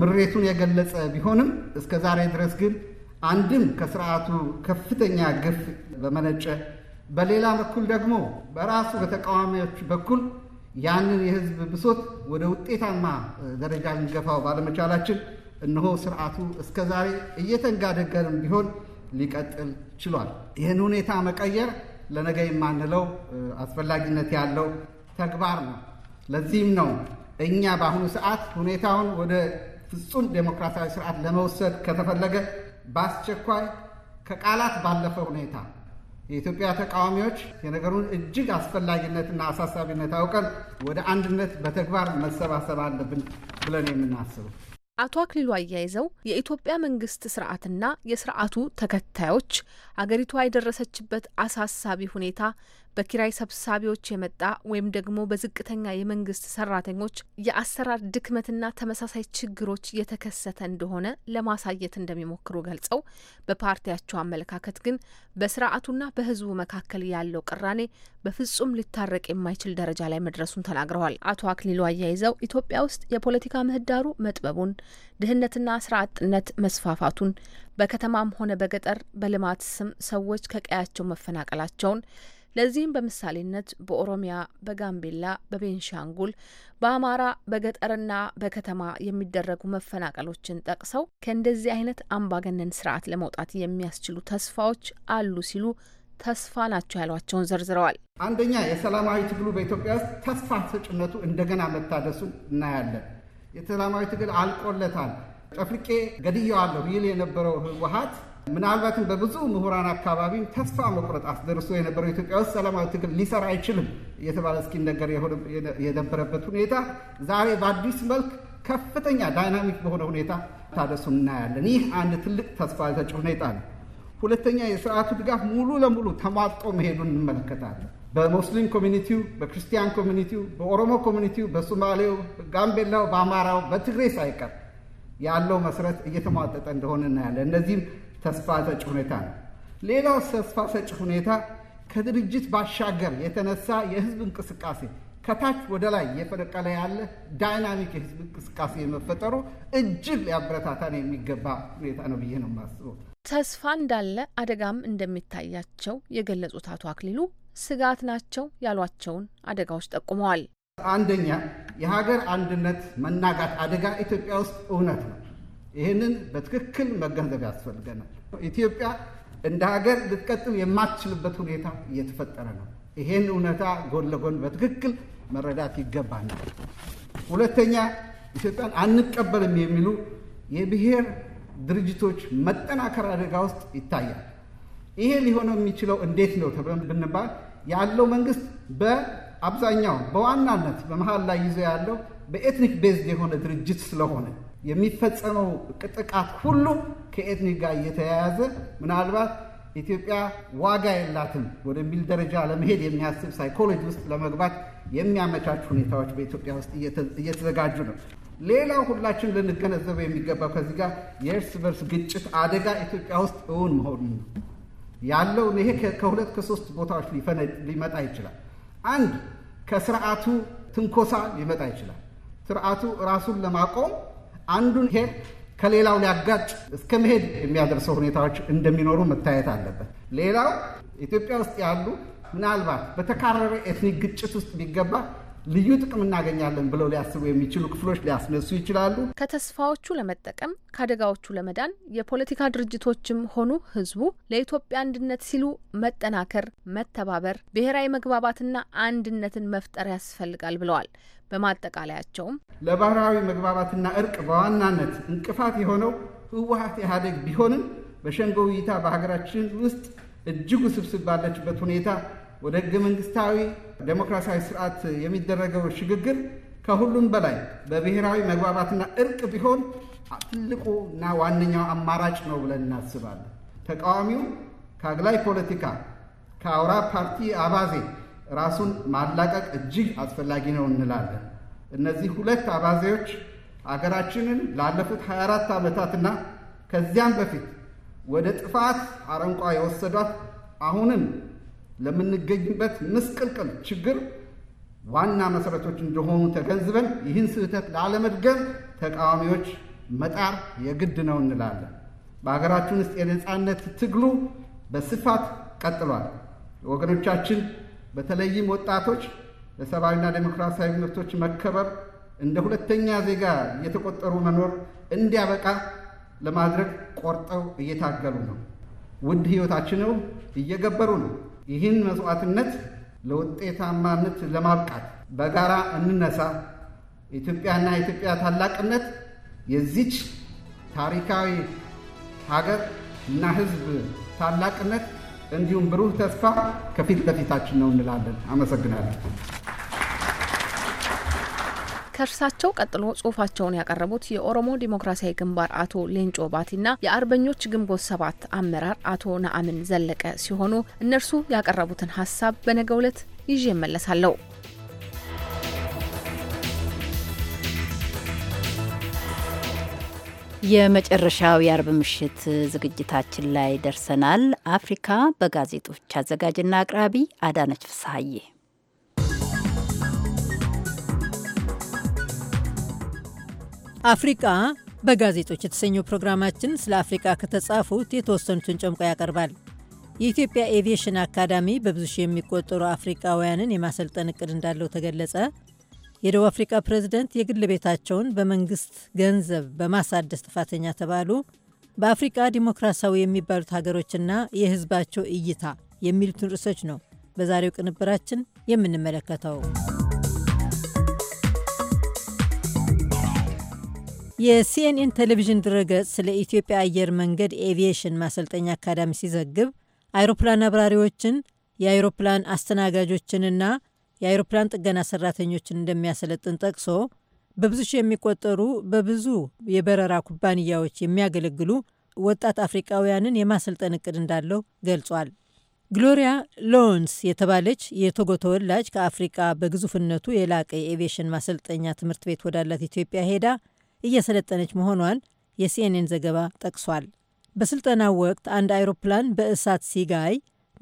ምሬቱን የገለጸ ቢሆንም እስከ ዛሬ ድረስ ግን አንድም ከስርዓቱ ከፍተኛ ግፍ በመነጨ በሌላ በኩል ደግሞ በራሱ በተቃዋሚዎች በኩል ያንን የህዝብ ብሶት ወደ ውጤታማ ደረጃ ልንገፋው ባለመቻላችን እነሆ ስርዓቱ እስከ ዛሬ እየተንጋደገንም ቢሆን ሊቀጥል ችሏል። ይህን ሁኔታ መቀየር ለነገ የማንለው አስፈላጊነት ያለው ተግባር ነው። ለዚህም ነው እኛ በአሁኑ ሰዓት ሁኔታውን ወደ ፍጹም ዴሞክራሲያዊ ስርዓት ለመውሰድ ከተፈለገ በአስቸኳይ ከቃላት ባለፈ ሁኔታ የኢትዮጵያ ተቃዋሚዎች የነገሩን እጅግ አስፈላጊነትና አሳሳቢነት አውቀን ወደ አንድነት በተግባር መሰባሰብ አለብን ብለን የምናስበው። አቶ አክሊሉ አያይዘው የኢትዮጵያ መንግስት ስርዓትና የስርዓቱ ተከታዮች አገሪቷ የደረሰችበት አሳሳቢ ሁኔታ በኪራይ ሰብሳቢዎች የመጣ ወይም ደግሞ በዝቅተኛ የመንግስት ሰራተኞች የአሰራር ድክመትና ተመሳሳይ ችግሮች የተከሰተ እንደሆነ ለማሳየት እንደሚሞክሩ ገልጸው በፓርቲያቸው አመለካከት ግን በስርዓቱና በህዝቡ መካከል ያለው ቅራኔ በፍጹም ሊታረቅ የማይችል ደረጃ ላይ መድረሱን ተናግረዋል። አቶ አክሊሉ አያይዘው ኢትዮጵያ ውስጥ የፖለቲካ ምህዳሩ መጥበቡን፣ ድህነትና ስራ አጥነት መስፋፋቱን በከተማም ሆነ በገጠር በልማት ስም ሰዎች ከቀያቸው መፈናቀላቸውን ለዚህም በምሳሌነት በኦሮሚያ፣ በጋምቤላ፣ በቤንሻንጉል፣ በአማራ በገጠርና በከተማ የሚደረጉ መፈናቀሎችን ጠቅሰው ከእንደዚህ አይነት አምባገነን ስርዓት ለመውጣት የሚያስችሉ ተስፋዎች አሉ ሲሉ ተስፋ ናቸው ያሏቸውን ዘርዝረዋል። አንደኛ የሰላማዊ ትግሉ በኢትዮጵያ ውስጥ ተስፋ ሰጭነቱ እንደገና መታደሱ እናያለን። የሰላማዊ ትግል አልቆለታል፣ ጨፍልቄ ገድየዋለሁ ይል የነበረው ህወሀት ምናልባትም በብዙ ምሁራን አካባቢ ተስፋ መቁረጥ አስደርሶ የነበረው ኢትዮጵያ ውስጥ ሰላማዊ ትግል ሊሰራ አይችልም እየተባለ እስኪነገር የነበረበት ሁኔታ ዛሬ በአዲስ መልክ ከፍተኛ ዳይናሚክ በሆነ ሁኔታ ታደሱ እናያለን። ይህ አንድ ትልቅ ተስፋ ሰጪ ሁኔታ ነው። ሁለተኛ የስርዓቱ ድጋፍ ሙሉ ለሙሉ ተሟጦ መሄዱን እንመለከታለን። በሙስሊም ኮሚኒቲው፣ በክርስቲያን ኮሚኒቲው፣ በኦሮሞ ኮሚኒቲው፣ በሶማሌው፣ በጋምቤላው፣ በአማራው፣ በትግሬ ሳይቀር ያለው መሰረት እየተሟጠጠ እንደሆነ እናያለን። እነዚህም ተስፋ ሰጭ ሁኔታ ነው። ሌላው ተስፋ ሰጭ ሁኔታ ከድርጅት ባሻገር የተነሳ የህዝብ እንቅስቃሴ ከታች ወደ ላይ እየፈለቀለ ያለ ዳይናሚክ የህዝብ እንቅስቃሴ የመፈጠሩ እጅግ ሊያበረታታን የሚገባ ሁኔታ ነው ብዬ ነው የማስበው። ተስፋ እንዳለ አደጋም እንደሚታያቸው የገለጹት አቶ አክሊሉ ስጋት ናቸው ያሏቸውን አደጋዎች ጠቁመዋል። አንደኛ የሀገር አንድነት መናጋት አደጋ ኢትዮጵያ ውስጥ እውነት ነው። ይህንን በትክክል መገንዘብ ያስፈልገናል። ኢትዮጵያ እንደ ሀገር ልትቀጥም የማትችልበት ሁኔታ እየተፈጠረ ነው። ይህን እውነታ ጎን ለጎን በትክክል መረዳት ይገባናል። ሁለተኛ ኢትዮጵያን አንቀበልም የሚሉ የብሔር ድርጅቶች መጠናከር አደጋ ውስጥ ይታያል። ይሄ ሊሆነው የሚችለው እንዴት ነው ተብለን ብንባል ያለው መንግስት በአብዛኛው በዋናነት በመሀል ላይ ይዞ ያለው በኤትኒክ ቤዝድ የሆነ ድርጅት ስለሆነ የሚፈጸመው ጥቃት ሁሉ ከኤትኒክ ጋር እየተያያዘ ምናልባት ኢትዮጵያ ዋጋ የላትም ወደሚል ደረጃ ለመሄድ የሚያስብ ሳይኮሎጂ ውስጥ ለመግባት የሚያመቻች ሁኔታዎች በኢትዮጵያ ውስጥ እየተዘጋጁ ነው። ሌላው ሁላችን ልንገነዘበው የሚገባው ከዚህ ጋር የእርስ በርስ ግጭት አደጋ ኢትዮጵያ ውስጥ እውን መሆኑን ነው ያለው። ይሄ ከሁለት ከሶስት ቦታዎች ሊመጣ ይችላል። አንድ ከስርዓቱ ትንኮሳ ሊመጣ ይችላል። ስርዓቱ ራሱን ለማቆም አንዱን ሄድ ከሌላው ሊያጋጭ እስከ መሄድ የሚያደርሰው ሁኔታዎች እንደሚኖሩ መታየት አለበት። ሌላው ኢትዮጵያ ውስጥ ያሉ ምናልባት በተካረረ ኤትኒክ ግጭት ውስጥ ቢገባ ልዩ ጥቅም እናገኛለን ብለው ሊያስቡ የሚችሉ ክፍሎች ሊያስነሱ ይችላሉ። ከተስፋዎቹ ለመጠቀም ከአደጋዎቹ ለመዳን የፖለቲካ ድርጅቶችም ሆኑ ሕዝቡ ለኢትዮጵያ አንድነት ሲሉ መጠናከር፣ መተባበር፣ ብሔራዊ መግባባትና አንድነትን መፍጠር ያስፈልጋል ብለዋል። በማጠቃለያቸውም ለባህራዊ መግባባትና እርቅ በዋናነት እንቅፋት የሆነው ህወሀት ኢህአዴግ ቢሆንም በሸንጎ ውይይታ በሀገራችን ውስጥ እጅግ ውስብስብ ባለችበት ሁኔታ ወደ ህገ መንግስታዊ ዴሞክራሲያዊ ስርዓት የሚደረገው ሽግግር ከሁሉም በላይ በብሔራዊ መግባባትና እርቅ ቢሆን ትልቁ ዋነኛው አማራጭ ነው ብለን እናስባለን። ተቃዋሚው ከአግላይ ፖለቲካ ከአውራ ፓርቲ አባዜ ራሱን ማላቀቅ እጅግ አስፈላጊ ነው እንላለን። እነዚህ ሁለት አባዜዎች አገራችንን ላለፉት 24 ዓመታትና ከዚያም በፊት ወደ ጥፋት አረንቋ የወሰዷት አሁንም ለምንገኝበት ምስቅልቅል ችግር ዋና መሰረቶች እንደሆኑ ተገንዝበን ይህን ስህተት ላለመድገም ተቃዋሚዎች መጣር የግድ ነው እንላለን። በሀገራችን ውስጥ የነፃነት ትግሉ በስፋት ቀጥሏል። ወገኖቻችን በተለይም ወጣቶች ለሰብአዊና ዴሞክራሲያዊ መብቶች መከበር እንደ ሁለተኛ ዜጋ እየተቆጠሩ መኖር እንዲያበቃ ለማድረግ ቆርጠው እየታገሉ ነው። ውድ ሕይወታችን ነው እየገበሩ ነው። ይህን መስዋዕትነት ለውጤታማነት ለማብቃት በጋራ እንነሳ። ኢትዮጵያና የኢትዮጵያ ታላቅነት የዚች ታሪካዊ ሀገር እና ሕዝብ ታላቅነት እንዲሁም ብሩህ ተስፋ ከፊት ለፊታችን ነው እንላለን። አመሰግናለን። ከእርሳቸው ቀጥሎ ጽሁፋቸውን ያቀረቡት የኦሮሞ ዴሞክራሲያዊ ግንባር አቶ ሌንጮ ባቲና የአርበኞች ግንቦት ሰባት አመራር አቶ ነአምን ዘለቀ ሲሆኑ እነርሱ ያቀረቡትን ሀሳብ በነገው ዕለት ይዤ እመለሳለሁ። የመጨረሻው የአርብ ምሽት ዝግጅታችን ላይ ደርሰናል። አፍሪካ በጋዜጦች አዘጋጅና አቅራቢ አዳነች ፍስሐዬ። አፍሪቃ በጋዜጦች የተሰኘው ፕሮግራማችን ስለ አፍሪቃ ከተጻፉት የተወሰኑትን ጨምቆ ያቀርባል። የኢትዮጵያ ኤቪሽን አካዳሚ በብዙ ሺህ የሚቆጠሩ አፍሪቃውያንን የማሰልጠን እቅድ እንዳለው ተገለጸ። የደቡብ አፍሪካ ፕሬዝደንት የግል ቤታቸውን በመንግስት ገንዘብ በማሳደስ ጥፋተኛ ተባሉ፣ በአፍሪቃ ዲሞክራሲያዊ የሚባሉት ሀገሮችና የህዝባቸው እይታ የሚሉትን ርዕሶች ነው በዛሬው ቅንብራችን የምንመለከተው። የሲኤንኤን ቴሌቪዥን ድረገጽ ስለ ኢትዮጵያ አየር መንገድ ኤቪዬሽን ማሰልጠኛ አካዳሚ ሲዘግብ አይሮፕላን አብራሪዎችን የአይሮፕላን አስተናጋጆችንና የአውሮፕላን ጥገና ሰራተኞችን እንደሚያሰለጥን ጠቅሶ በብዙ ሺህ የሚቆጠሩ በብዙ የበረራ ኩባንያዎች የሚያገለግሉ ወጣት አፍሪካውያንን የማሰልጠን እቅድ እንዳለው ገልጿል። ግሎሪያ ሎንስ የተባለች የቶጎ ተወላጅ ከአፍሪቃ በግዙፍነቱ የላቀ የኤቪዬሽን ማሰልጠኛ ትምህርት ቤት ወዳላት ኢትዮጵያ ሄዳ እየሰለጠነች መሆኗን የሲኤንኤን ዘገባ ጠቅሷል። በስልጠናው ወቅት አንድ አይሮፕላን በእሳት ሲጋይ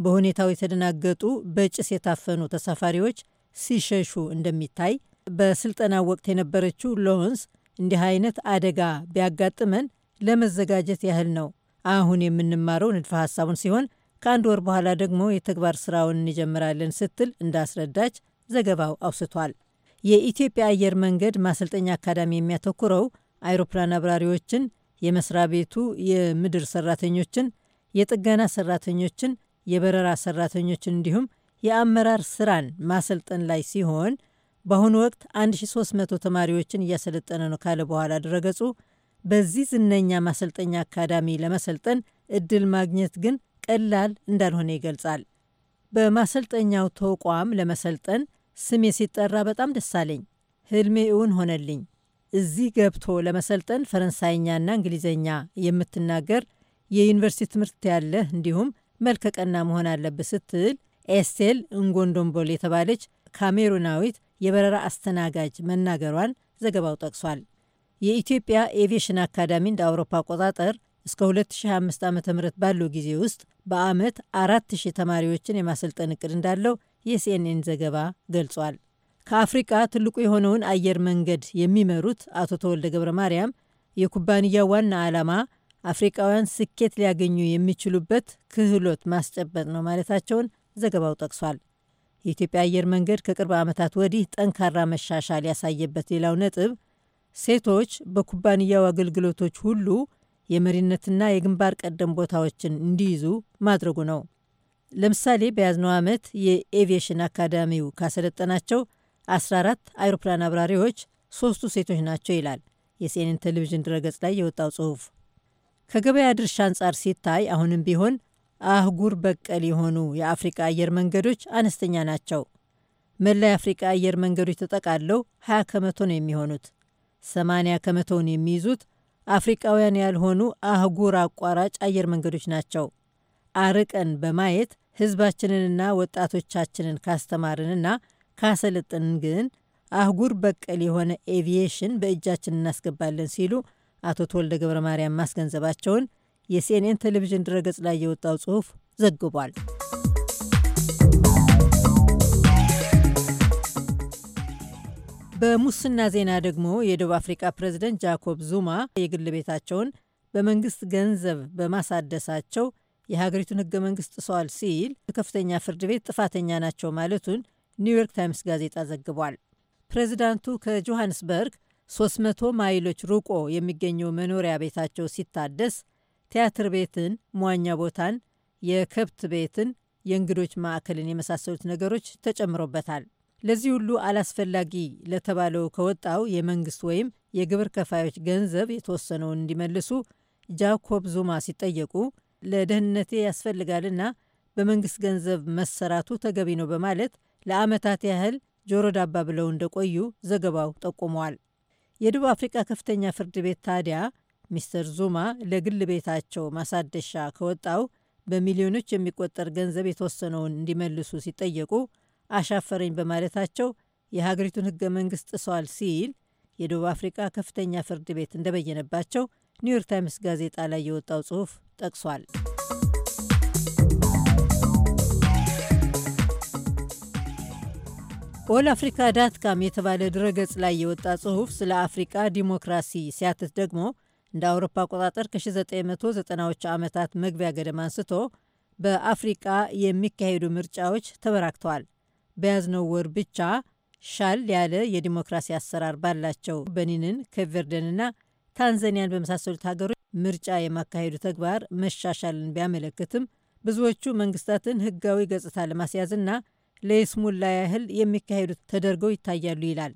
በሁኔታው የተደናገጡ በጭስ የታፈኑ ተሳፋሪዎች ሲሸሹ እንደሚታይ በስልጠና ወቅት የነበረችው ሎንስ እንዲህ አይነት አደጋ ቢያጋጥመን ለመዘጋጀት ያህል ነው አሁን የምንማረው ንድፈ ሐሳቡን ሲሆን ከአንድ ወር በኋላ ደግሞ የተግባር ስራውን እንጀምራለን ስትል እንዳስረዳች ዘገባው አውስቷል። የኢትዮጵያ አየር መንገድ ማሰልጠኛ አካዳሚ የሚያተኩረው አይሮፕላን አብራሪዎችን፣ የመስሪያ ቤቱ የምድር ሰራተኞችን፣ የጥገና ሰራተኞችን፣ የበረራ ሰራተኞችን እንዲሁም የአመራር ስራን ማሰልጠን ላይ ሲሆን በአሁኑ ወቅት 1300 ተማሪዎችን እያሰለጠነ ነው ካለ በኋላ ድረገጹ በዚህ ዝነኛ ማሰልጠኛ አካዳሚ ለመሰልጠን እድል ማግኘት ግን ቀላል እንዳልሆነ ይገልጻል። በማሰልጠኛው ተቋም ለመሰልጠን ስሜ ሲጠራ በጣም ደሳለኝ ህልሜ እውን ሆነልኝ። እዚህ ገብቶ ለመሰልጠን ፈረንሳይኛና እንግሊዝኛ የምትናገር የዩኒቨርሲቲ ትምህርት ያለህ እንዲሁም መልከቀና መሆን አለብህ ስትል ኤስቴል እንጎንዶምቦል የተባለች ካሜሩናዊት የበረራ አስተናጋጅ መናገሯን ዘገባው ጠቅሷል። የኢትዮጵያ ኤቪዬሽን አካዳሚ እንደ አውሮፓ አቆጣጠር እስከ 2025 ዓ ም ባለው ጊዜ ውስጥ በአመት 4000 ተማሪዎችን የማሰልጠን እቅድ እንዳለው የሲኤንኤን ዘገባ ገልጿል። ከአፍሪቃ ትልቁ የሆነውን አየር መንገድ የሚመሩት አቶ ተወልደ ገብረ ማርያም የኩባንያው ዋና ዓላማ አፍሪቃውያን ስኬት ሊያገኙ የሚችሉበት ክህሎት ማስጨበጥ ነው ማለታቸውን ዘገባው ጠቅሷል። የኢትዮጵያ አየር መንገድ ከቅርብ ዓመታት ወዲህ ጠንካራ መሻሻል ያሳየበት ሌላው ነጥብ ሴቶች በኩባንያው አገልግሎቶች ሁሉ የመሪነትና የግንባር ቀደም ቦታዎችን እንዲይዙ ማድረጉ ነው። ለምሳሌ በያዝነው ዓመት የኤቪየሽን አካዳሚው ካሰለጠናቸው 14 አይሮፕላን አብራሪዎች ሶስቱ ሴቶች ናቸው ይላል የሲኤንኤን ቴሌቪዥን ድረገጽ ላይ የወጣው ጽሑፍ። ከገበያ ድርሻ አንጻር ሲታይ አሁንም ቢሆን አህጉር በቀል የሆኑ የአፍሪቃ አየር መንገዶች አነስተኛ ናቸው። መላ የአፍሪቃ አየር መንገዶች ተጠቃለው 20 ከመቶ ነው የሚሆኑት። 80 ከመቶውን የሚይዙት አፍሪቃውያን ያልሆኑ አህጉር አቋራጭ አየር መንገዶች ናቸው። አርቀን በማየት ህዝባችንንና ወጣቶቻችንን ካስተማርንና ካሰለጥንን ግን አህጉር በቀል የሆነ ኤቪዬሽን በእጃችን እናስገባለን ሲሉ አቶ ተወልደ ገብረ ማርያም ማስገንዘባቸውን የሲኤንኤን ቴሌቪዥን ድረገጽ ላይ የወጣው ጽሑፍ ዘግቧል። በሙስና ዜና ደግሞ የደቡብ አፍሪካ ፕሬዝደንት ጃኮብ ዙማ የግል ቤታቸውን በመንግስት ገንዘብ በማሳደሳቸው የሀገሪቱን ህገ መንግስት ጥሰዋል ሲል ከፍተኛ ፍርድ ቤት ጥፋተኛ ናቸው ማለቱን ኒውዮርክ ታይምስ ጋዜጣ ዘግቧል። ፕሬዚዳንቱ ከጆሃንስበርግ 300 ማይሎች ሩቆ የሚገኘው መኖሪያ ቤታቸው ሲታደስ ቲያትር ቤትን፣ መዋኛ ቦታን፣ የከብት ቤትን፣ የእንግዶች ማዕከልን የመሳሰሉት ነገሮች ተጨምሮበታል። ለዚህ ሁሉ አላስፈላጊ ለተባለው ከወጣው የመንግስት ወይም የግብር ከፋዮች ገንዘብ የተወሰነውን እንዲመልሱ ጃኮብ ዙማ ሲጠየቁ ለደህንነቴ ያስፈልጋልና በመንግስት ገንዘብ መሰራቱ ተገቢ ነው በማለት ለአመታት ያህል ጆሮ ዳባ ብለው እንደቆዩ ዘገባው ጠቁመዋል። የደቡብ አፍሪቃ ከፍተኛ ፍርድ ቤት ታዲያ ሚስተር ዙማ ለግል ቤታቸው ማሳደሻ ከወጣው በሚሊዮኖች የሚቆጠር ገንዘብ የተወሰነውን እንዲመልሱ ሲጠየቁ አሻፈረኝ በማለታቸው የሀገሪቱን ህገ መንግስት ጥሰዋል ሲል የደቡብ አፍሪቃ ከፍተኛ ፍርድ ቤት እንደበየነባቸው ኒውዮርክ ታይምስ ጋዜጣ ላይ የወጣው ጽሑፍ ጠቅሷል። ኦል አፍሪካ ዳትካም የተባለ ድረገጽ ላይ የወጣ ጽሑፍ ስለ አፍሪቃ ዲሞክራሲ ሲያትት ደግሞ እንደ አውሮፓ አቆጣጠር ከ1990ዎቹ ዓመታት መግቢያ ገደማ አንስቶ በአፍሪቃ የሚካሄዱ ምርጫዎች ተበራክተዋል። በያዝነው ወር ብቻ ሻል ያለ የዲሞክራሲ አሰራር ባላቸው በኒንን፣ ከቨርደንና ታንዛኒያን በመሳሰሉት ሀገሮች ምርጫ የማካሄዱ ተግባር መሻሻልን ቢያመለክትም ብዙዎቹ መንግስታትን ህጋዊ ገጽታ ለማስያዝና ለይስሙላ ያህል የሚካሄዱ ተደርገው ይታያሉ ይላል።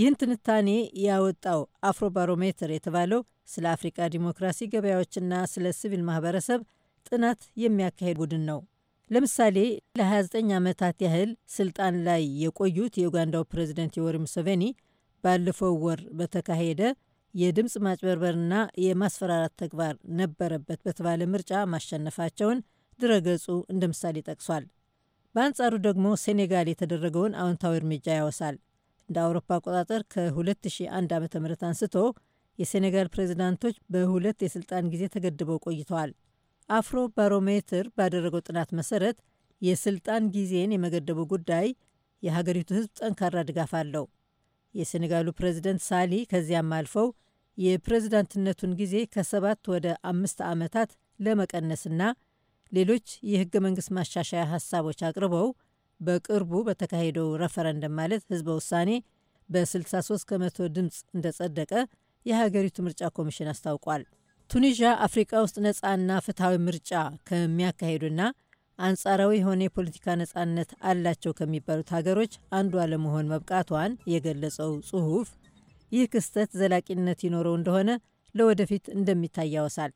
ይህን ትንታኔ ያወጣው አፍሮ ባሮሜትር የተባለው ስለ አፍሪቃ ዲሞክራሲ ገበያዎችና ስለ ሲቪል ማህበረሰብ ጥናት የሚያካሄድ ቡድን ነው። ለምሳሌ ለ29 ዓመታት ያህል ስልጣን ላይ የቆዩት የኡጋንዳው ፕሬዚደንት ዮወሪ ሙሴቬኒ ባለፈው ወር በተካሄደ የድምፅ ማጭበርበርና የማስፈራራት ተግባር ነበረበት በተባለ ምርጫ ማሸነፋቸውን ድረገጹ እንደ ምሳሌ ጠቅሷል። በአንጻሩ ደግሞ ሴኔጋል የተደረገውን አዎንታዊ እርምጃ ያወሳል። እንደ አውሮፓ አቆጣጠር ከ2001 ዓ ም አንስቶ የሴኔጋል ፕሬዚዳንቶች በሁለት የሥልጣን ጊዜ ተገድበው ቆይተዋል። አፍሮ ባሮሜትር ባደረገው ጥናት መሰረት የስልጣን ጊዜን የመገደቡ ጉዳይ የሀገሪቱ ሕዝብ ጠንካራ ድጋፍ አለው። የሴኔጋሉ ፕሬዚደንት ሳሊ ከዚያም አልፈው የፕሬዝዳንትነቱን ጊዜ ከሰባት ወደ አምስት ዓመታት ለመቀነስና ሌሎች የህገ መንግሥት ማሻሻያ ሀሳቦች አቅርበው በቅርቡ በተካሄደው ረፈረንደም ማለት ህዝበ ውሳኔ በ63 ከመቶ ድምፅ እንደጸደቀ የሀገሪቱ ምርጫ ኮሚሽን አስታውቋል። ቱኒዥያ አፍሪቃ ውስጥ ነፃና ፍትሐዊ ምርጫ ከሚያካሄዱና አንጻራዊ የሆነ የፖለቲካ ነፃነት አላቸው ከሚባሉት ሀገሮች አንዷ ለመሆን መብቃቷን የገለጸው ጽሑፍ ይህ ክስተት ዘላቂነት ይኖረው እንደሆነ ለወደፊት እንደሚታይ ያወሳል።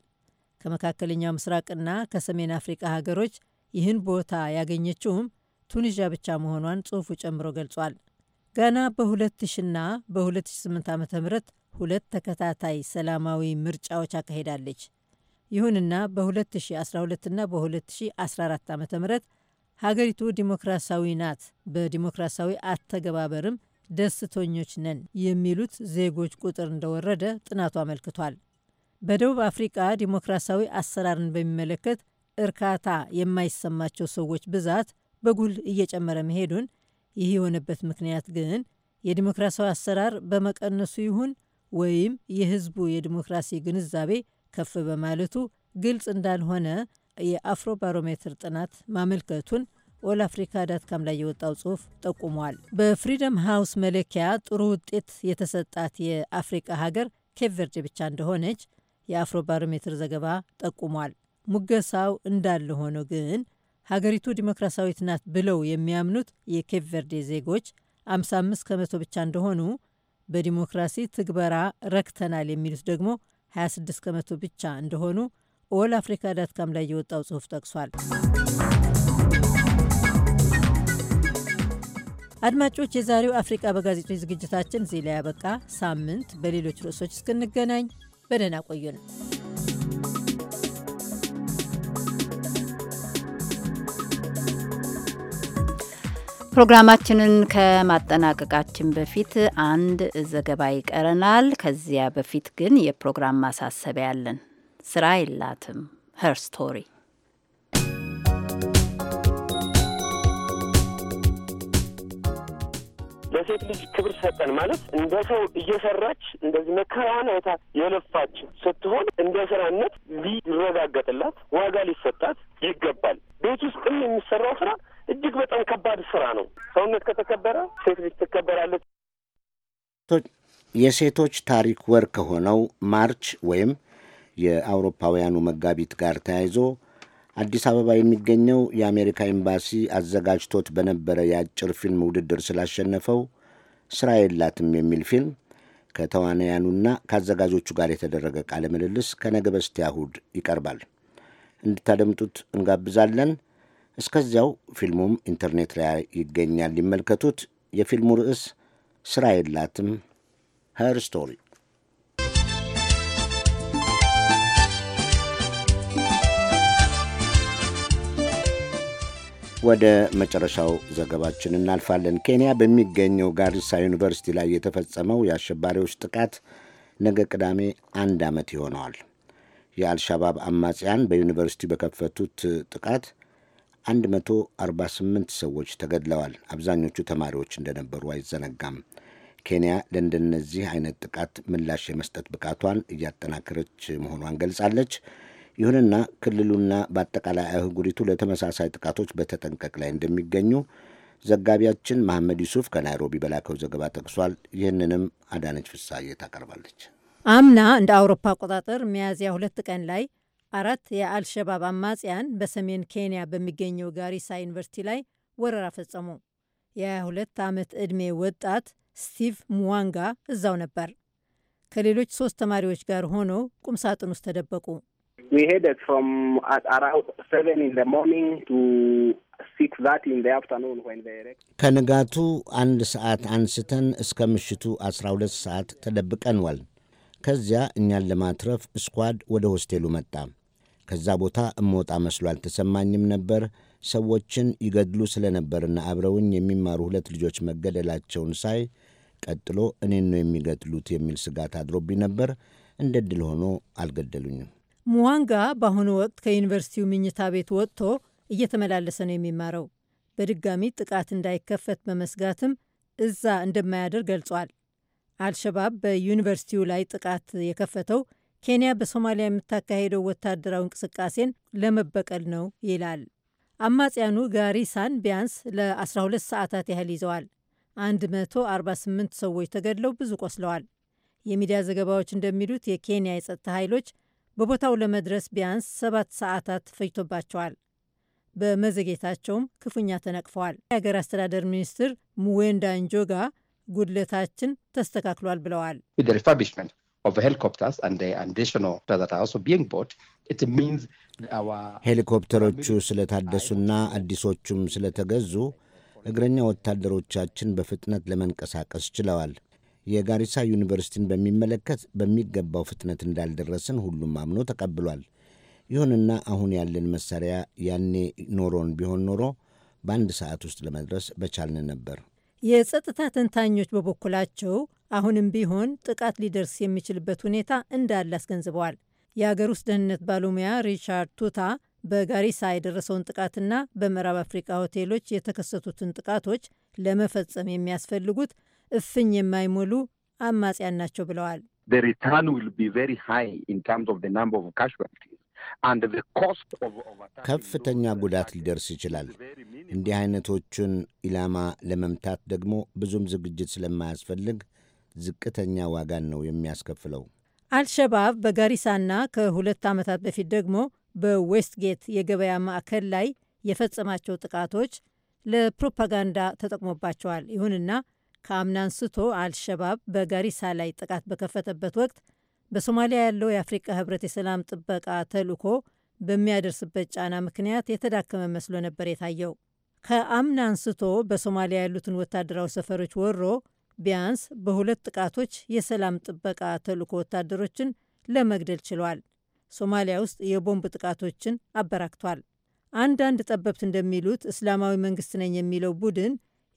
ከመካከለኛው ምስራቅና ከሰሜን አፍሪቃ ሀገሮች ይህን ቦታ ያገኘችውም ቱኒዥያ ብቻ መሆኗን ጽሑፉ ጨምሮ ገልጿል። ጋና በ2000ና በ2008 ዓ ም ሁለት ተከታታይ ሰላማዊ ምርጫዎች አካሄዳለች። ይሁንና በ2012ና በ2014 ዓ ም ሀገሪቱ ዲሞክራሲያዊ ናት፣ በዲሞክራሲያዊ አተገባበርም ደስተኞች ነን የሚሉት ዜጎች ቁጥር እንደወረደ ጥናቱ አመልክቷል። በደቡብ አፍሪቃ ዲሞክራሲያዊ አሰራርን በሚመለከት እርካታ የማይሰማቸው ሰዎች ብዛት በጉል እየጨመረ መሄዱን፣ ይህ የሆነበት ምክንያት ግን የዲሞክራሲያዊ አሰራር በመቀነሱ ይሁን ወይም የህዝቡ የዲሞክራሲ ግንዛቤ ከፍ በማለቱ ግልጽ እንዳልሆነ የአፍሮ ባሮሜትር ጥናት ማመልከቱን ኦል አፍሪካ ዳትካም ላይ የወጣው ጽሁፍ ጠቁሟል። በፍሪደም ሃውስ መለኪያ ጥሩ ውጤት የተሰጣት የአፍሪቃ ሀገር ኬፕቨርዴ ብቻ እንደሆነች የአፍሮ ባሮሜትር ዘገባ ጠቁሟል። ሙገሳው እንዳለ ሆኖ ግን ሀገሪቱ ዲሞክራሲያዊት ናት ብለው የሚያምኑት የኬፕ ቨርዴ ዜጎች 55 ከመቶ ብቻ እንደሆኑ፣ በዲሞክራሲ ትግበራ ረክተናል የሚሉት ደግሞ 26 ከመቶ ብቻ እንደሆኑ ኦል አፍሪካ ዳትካም ላይ የወጣው ጽሑፍ ጠቅሷል። አድማጮች፣ የዛሬው አፍሪቃ በጋዜጦች ዝግጅታችን ዜላ ያበቃ። ሳምንት በሌሎች ርዕሶች እስክንገናኝ በደህና ቆዩን። ፕሮግራማችንን ከማጠናቀቃችን በፊት አንድ ዘገባ ይቀረናል። ከዚያ በፊት ግን የፕሮግራም ማሳሰቢያ ስራ የላትም ሄር ስቶሪ ለሴት ልጅ ክብር ሰጠን ማለት እንደ ሰው እየሰራች እንደዚህ መከራዋን አይታ የለፋች ስትሆን እንደ ስራነት ሊረጋገጥላት ዋጋ ሊሰጣት ይገባል። ቤት ውስጥም የሚሰራው ስራ እጅግ በጣም ከባድ ስራ ነው። ሰውነት ከተከበረ ሴት ልጅ ትከበራለች። የሴቶች ታሪክ ወር ከሆነው ማርች ወይም የአውሮፓውያኑ መጋቢት ጋር ተያይዞ አዲስ አበባ የሚገኘው የአሜሪካ ኤምባሲ አዘጋጅቶት በነበረ የአጭር ፊልም ውድድር ስላሸነፈው ስራ የላትም የሚል ፊልም ከተዋናያኑና ከአዘጋጆቹ ጋር የተደረገ ቃለ ምልልስ ከነገ በስቲያ እሁድ ይቀርባል። እንድታደምጡት እንጋብዛለን። እስከዚያው ፊልሙም ኢንተርኔት ላይ ይገኛል፣ ሊመልከቱት። የፊልሙ ርዕስ ስራ የላትም ሄር ስቶሪ ወደ መጨረሻው ዘገባችን እናልፋለን። ኬንያ በሚገኘው ጋሪሳ ዩኒቨርሲቲ ላይ የተፈጸመው የአሸባሪዎች ጥቃት ነገ ቅዳሜ አንድ ዓመት ይሆነዋል። የአልሻባብ አማጽያን በዩኒቨርሲቲ በከፈቱት ጥቃት 148 ሰዎች ተገድለዋል። አብዛኞቹ ተማሪዎች እንደነበሩ አይዘነጋም። ኬንያ ለእንደነዚህ አይነት ጥቃት ምላሽ የመስጠት ብቃቷን እያጠናከረች መሆኗን ገልጻለች። ይሁንና ክልሉና በአጠቃላይ አህጉሪቱ ለተመሳሳይ ጥቃቶች በተጠንቀቅ ላይ እንደሚገኙ ዘጋቢያችን መሐመድ ዩሱፍ ከናይሮቢ በላከው ዘገባ ጠቅሷል። ይህንንም አዳነች ፍሳዬ ታቀርባለች። አምና እንደ አውሮፓ አቆጣጠር ሚያዝያ ሁለት ቀን ላይ አራት የአልሸባብ አማጽያን በሰሜን ኬንያ በሚገኘው ጋሪሳ ዩኒቨርሲቲ ላይ ወረራ ፈጸሙ። የ22 ዓመት ዕድሜ ወጣት ስቲቭ ሙዋንጋ እዛው ነበር። ከሌሎች ሶስት ተማሪዎች ጋር ሆነው ቁም ሳጥን ውስጥ ተደበቁ። ከንጋቱ አንድ ሰዓት አንስተን እስከ ምሽቱ 12 ሰዓት ተደብቀንዋል። ከዚያ እኛን ለማትረፍ ስኳድ ወደ ሆስቴሉ መጣ። ከዛ ቦታ እመወጣ መስሎ አልተሰማኝም ነበር። ሰዎችን ይገድሉ ስለነበርና አብረውኝ የሚማሩ ሁለት ልጆች መገደላቸውን ሳይ ቀጥሎ እኔን ነው የሚገድሉት የሚል ስጋት አድሮብኝ ነበር። እንደ ድል ሆኖ አልገደሉኝም። ሙዋንጋ በአሁኑ ወቅት ከዩኒቨርሲቲው ምኝታ ቤት ወጥቶ እየተመላለሰ ነው የሚማረው። በድጋሚ ጥቃት እንዳይከፈት በመስጋትም እዛ እንደማያደር ገልጿል። አልሸባብ በዩኒቨርሲቲው ላይ ጥቃት የከፈተው ኬንያ በሶማሊያ የምታካሄደው ወታደራዊ እንቅስቃሴን ለመበቀል ነው ይላል። አማጽያኑ ጋሪሳን ቢያንስ ለ12 ሰዓታት ያህል ይዘዋል። 148 ሰዎች ተገድለው ብዙ ቆስለዋል። የሚዲያ ዘገባዎች እንደሚሉት የኬንያ የጸጥታ ኃይሎች በቦታው ለመድረስ ቢያንስ ሰባት ሰዓታት ፈጅቶባቸዋል። በመዘጌታቸውም ክፉኛ ተነቅፈዋል። የሀገር አስተዳደር ሚኒስትር ሙዌንዳ እንጆጋ ጉድለታችን ተስተካክሏል ብለዋል። ሄሊኮፕተሮቹ ስለታደሱና አዲሶቹም ስለተገዙ እግረኛ ወታደሮቻችን በፍጥነት ለመንቀሳቀስ ችለዋል። የጋሪሳ ዩኒቨርሲቲን በሚመለከት በሚገባው ፍጥነት እንዳልደረስን ሁሉም አምኖ ተቀብሏል። ይሁንና አሁን ያለን መሳሪያ ያኔ ኖሮን ቢሆን ኖሮ በአንድ ሰዓት ውስጥ ለመድረስ በቻልን ነበር። የጸጥታ ተንታኞች በበኩላቸው አሁንም ቢሆን ጥቃት ሊደርስ የሚችልበት ሁኔታ እንዳለ አስገንዝበዋል። የአገር ውስጥ ደህንነት ባለሙያ ሪቻርድ ቱታ በጋሪሳ የደረሰውን ጥቃትና በምዕራብ አፍሪካ ሆቴሎች የተከሰቱትን ጥቃቶች ለመፈጸም የሚያስፈልጉት እፍኝ የማይሞሉ አማጽያን ናቸው ብለዋል። ከፍተኛ ጉዳት ሊደርስ ይችላል። እንዲህ አይነቶቹን ኢላማ ለመምታት ደግሞ ብዙም ዝግጅት ስለማያስፈልግ ዝቅተኛ ዋጋን ነው የሚያስከፍለው። አልሸባብ በጋሪሳና ከሁለት ዓመታት በፊት ደግሞ በዌስትጌት የገበያ ማዕከል ላይ የፈጸማቸው ጥቃቶች ለፕሮፓጋንዳ ተጠቅሞባቸዋል። ይሁንና ከአምና አንስቶ አልሸባብ በጋሪሳ ላይ ጥቃት በከፈተበት ወቅት በሶማሊያ ያለው የአፍሪቃ ህብረት የሰላም ጥበቃ ተልኮ በሚያደርስበት ጫና ምክንያት የተዳከመ መስሎ ነበር የታየው። ከአምና አንስቶ በሶማሊያ ያሉትን ወታደራዊ ሰፈሮች ወሮ ቢያንስ በሁለት ጥቃቶች የሰላም ጥበቃ ተልኮ ወታደሮችን ለመግደል ችሏል። ሶማሊያ ውስጥ የቦምብ ጥቃቶችን አበራክቷል። አንዳንድ ጠበብት እንደሚሉት እስላማዊ መንግስት ነኝ የሚለው ቡድን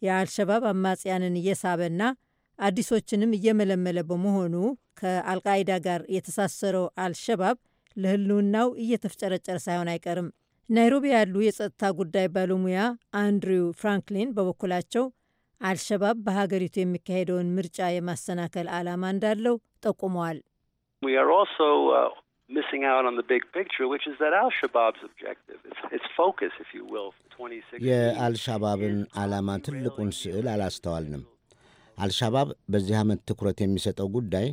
የአልሸባብ አማጽያንን እየሳበና አዲሶችንም እየመለመለ በመሆኑ ከአልቃይዳ ጋር የተሳሰረው አልሸባብ ለህልውናው እየተፍጨረጨረ ሳይሆን አይቀርም። ናይሮቢ ያሉ የጸጥታ ጉዳይ ባለሙያ አንድሪው ፍራንክሊን በበኩላቸው አልሸባብ በሀገሪቱ የሚካሄደውን ምርጫ የማሰናከል ዓላማ እንዳለው ጠቁመዋል። uh, የአልሻባብን ዓላማ ትልቁን ስዕል አላስተዋልንም። አልሻባብ በዚህ ዓመት ትኩረት የሚሰጠው ጉዳይ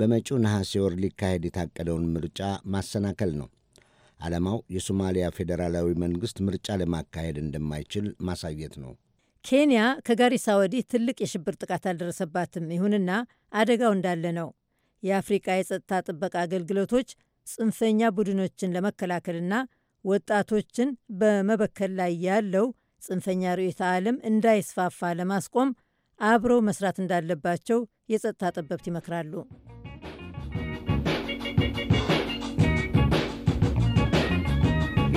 በመጪው ነሐሴ ወር ሊካሄድ የታቀደውን ምርጫ ማሰናከል ነው። ዓላማው የሶማሊያ ፌዴራላዊ መንግሥት ምርጫ ለማካሄድ እንደማይችል ማሳየት ነው። ኬንያ ከጋሪሳ ወዲህ ትልቅ የሽብር ጥቃት አልደረሰባትም። ይሁንና አደጋው እንዳለ ነው። የአፍሪቃ የጸጥታ ጥበቃ አገልግሎቶች ጽንፈኛ ቡድኖችን ለመከላከልና ወጣቶችን በመበከል ላይ ያለው ጽንፈኛ ርዕዮተ ዓለም እንዳይስፋፋ ለማስቆም አብረው መስራት እንዳለባቸው የጸጥታ ጠበብት ይመክራሉ።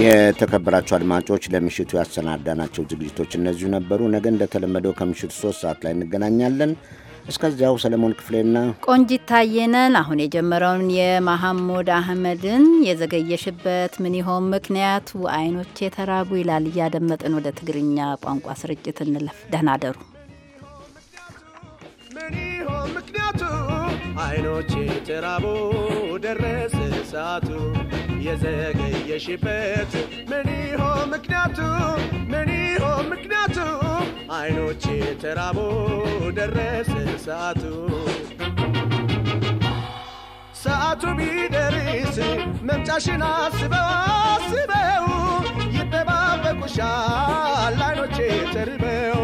የተከበራቸው አድማጮች ለምሽቱ ያሰናዳናቸው ዝግጅቶች እነዚሁ ነበሩ። ነገ እንደተለመደው ከምሽቱ ሶስት ሰዓት ላይ እንገናኛለን። እስከዚያው ሰለሞን ክፍሌና ቆንጂት ታየነን አሁን የጀመረውን የማሐሙድ አህመድን የዘገየሽበት ምን ይሆን ምክንያቱ አይኖች ተራቡ ይላል እያደመጥን ወደ ትግርኛ ቋንቋ ስርጭት እንለፍ። ደህና ደሩ። ምን ይሆን ምክንያቱ አይኖቼ ተራቡ ደረሰ ሰዓቱ የዘገየሽበት ምን ይሆን ምክንያቱ? ምን ምክንያቱ? አይኖች ተራቦ ደረሰ ሰዓቱ ሰዓቱ ቢደርስ መምጫሽን አስበው አስበው ይጠባበቁሻል አይኖቼ ተርበው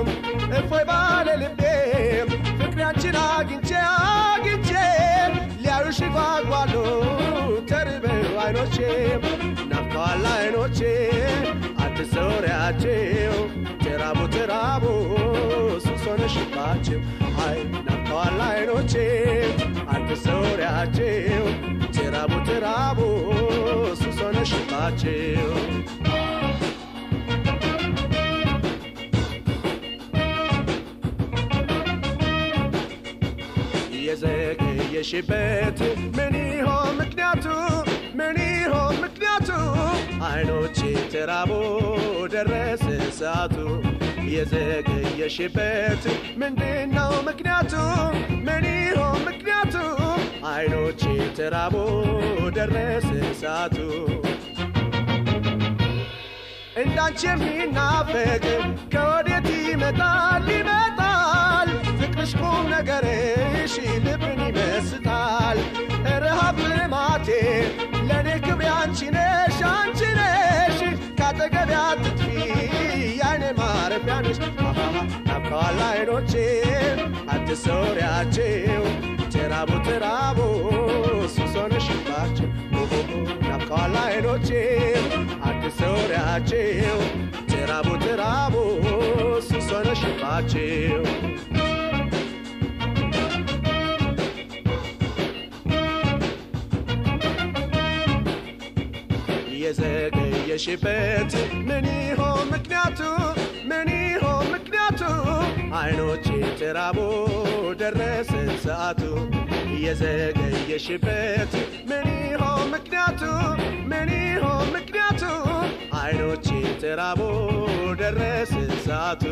እፎይ ባለ ልቤ አግኝቼ አግኝቼ ሊያዩሽ noche, na fala e noche, a tesoure a teu, terabo terabo, su sono shibate, ai na fala noche, a tesoure a teu, terabo terabo, su sono shibate. Yezeke yeshibete, meni ምን ይሆን ምክንያቱ? አይኖቼ ተራቦ ደረሰ ሰዓቱ። የዘገየሽበት ምንድነው ምክንያቱ? ምን ይሆን ምክንያቱ? አይኖቼ ተራቦ ደረሰ ሰዓቱ። እንዳንቺ የሚናፈቅ ከወዴት ይመጣል ይመጣል ፍቅርሽ ቁም ነገርሽ አንቺነሽ አንቺነሽ ካጠገብ አትጥፊ ያኔ ማረፊያነሽ ናፍቀዋል አይኖቼ አትሰውሪያቸው ተራቡ ተራቡ ሱሶነሽባቸው ናፍቀዋል አይኖቼ አትሰውሪያቸው ተራቡ ተራቡ ሱሶነሽባቸው ያለሽበት ምን ይሆን ምክንያቱ? ምን ይሆን ምክንያቱ? አይኖች ተራቦ ደረሰን ሰዓቱ የዘገየሽበት ምን ይሆን ምክንያቱ? ምን ይሆን ምክንያቱ? አይኖች ተራቦ ደረሰን ሰዓቱ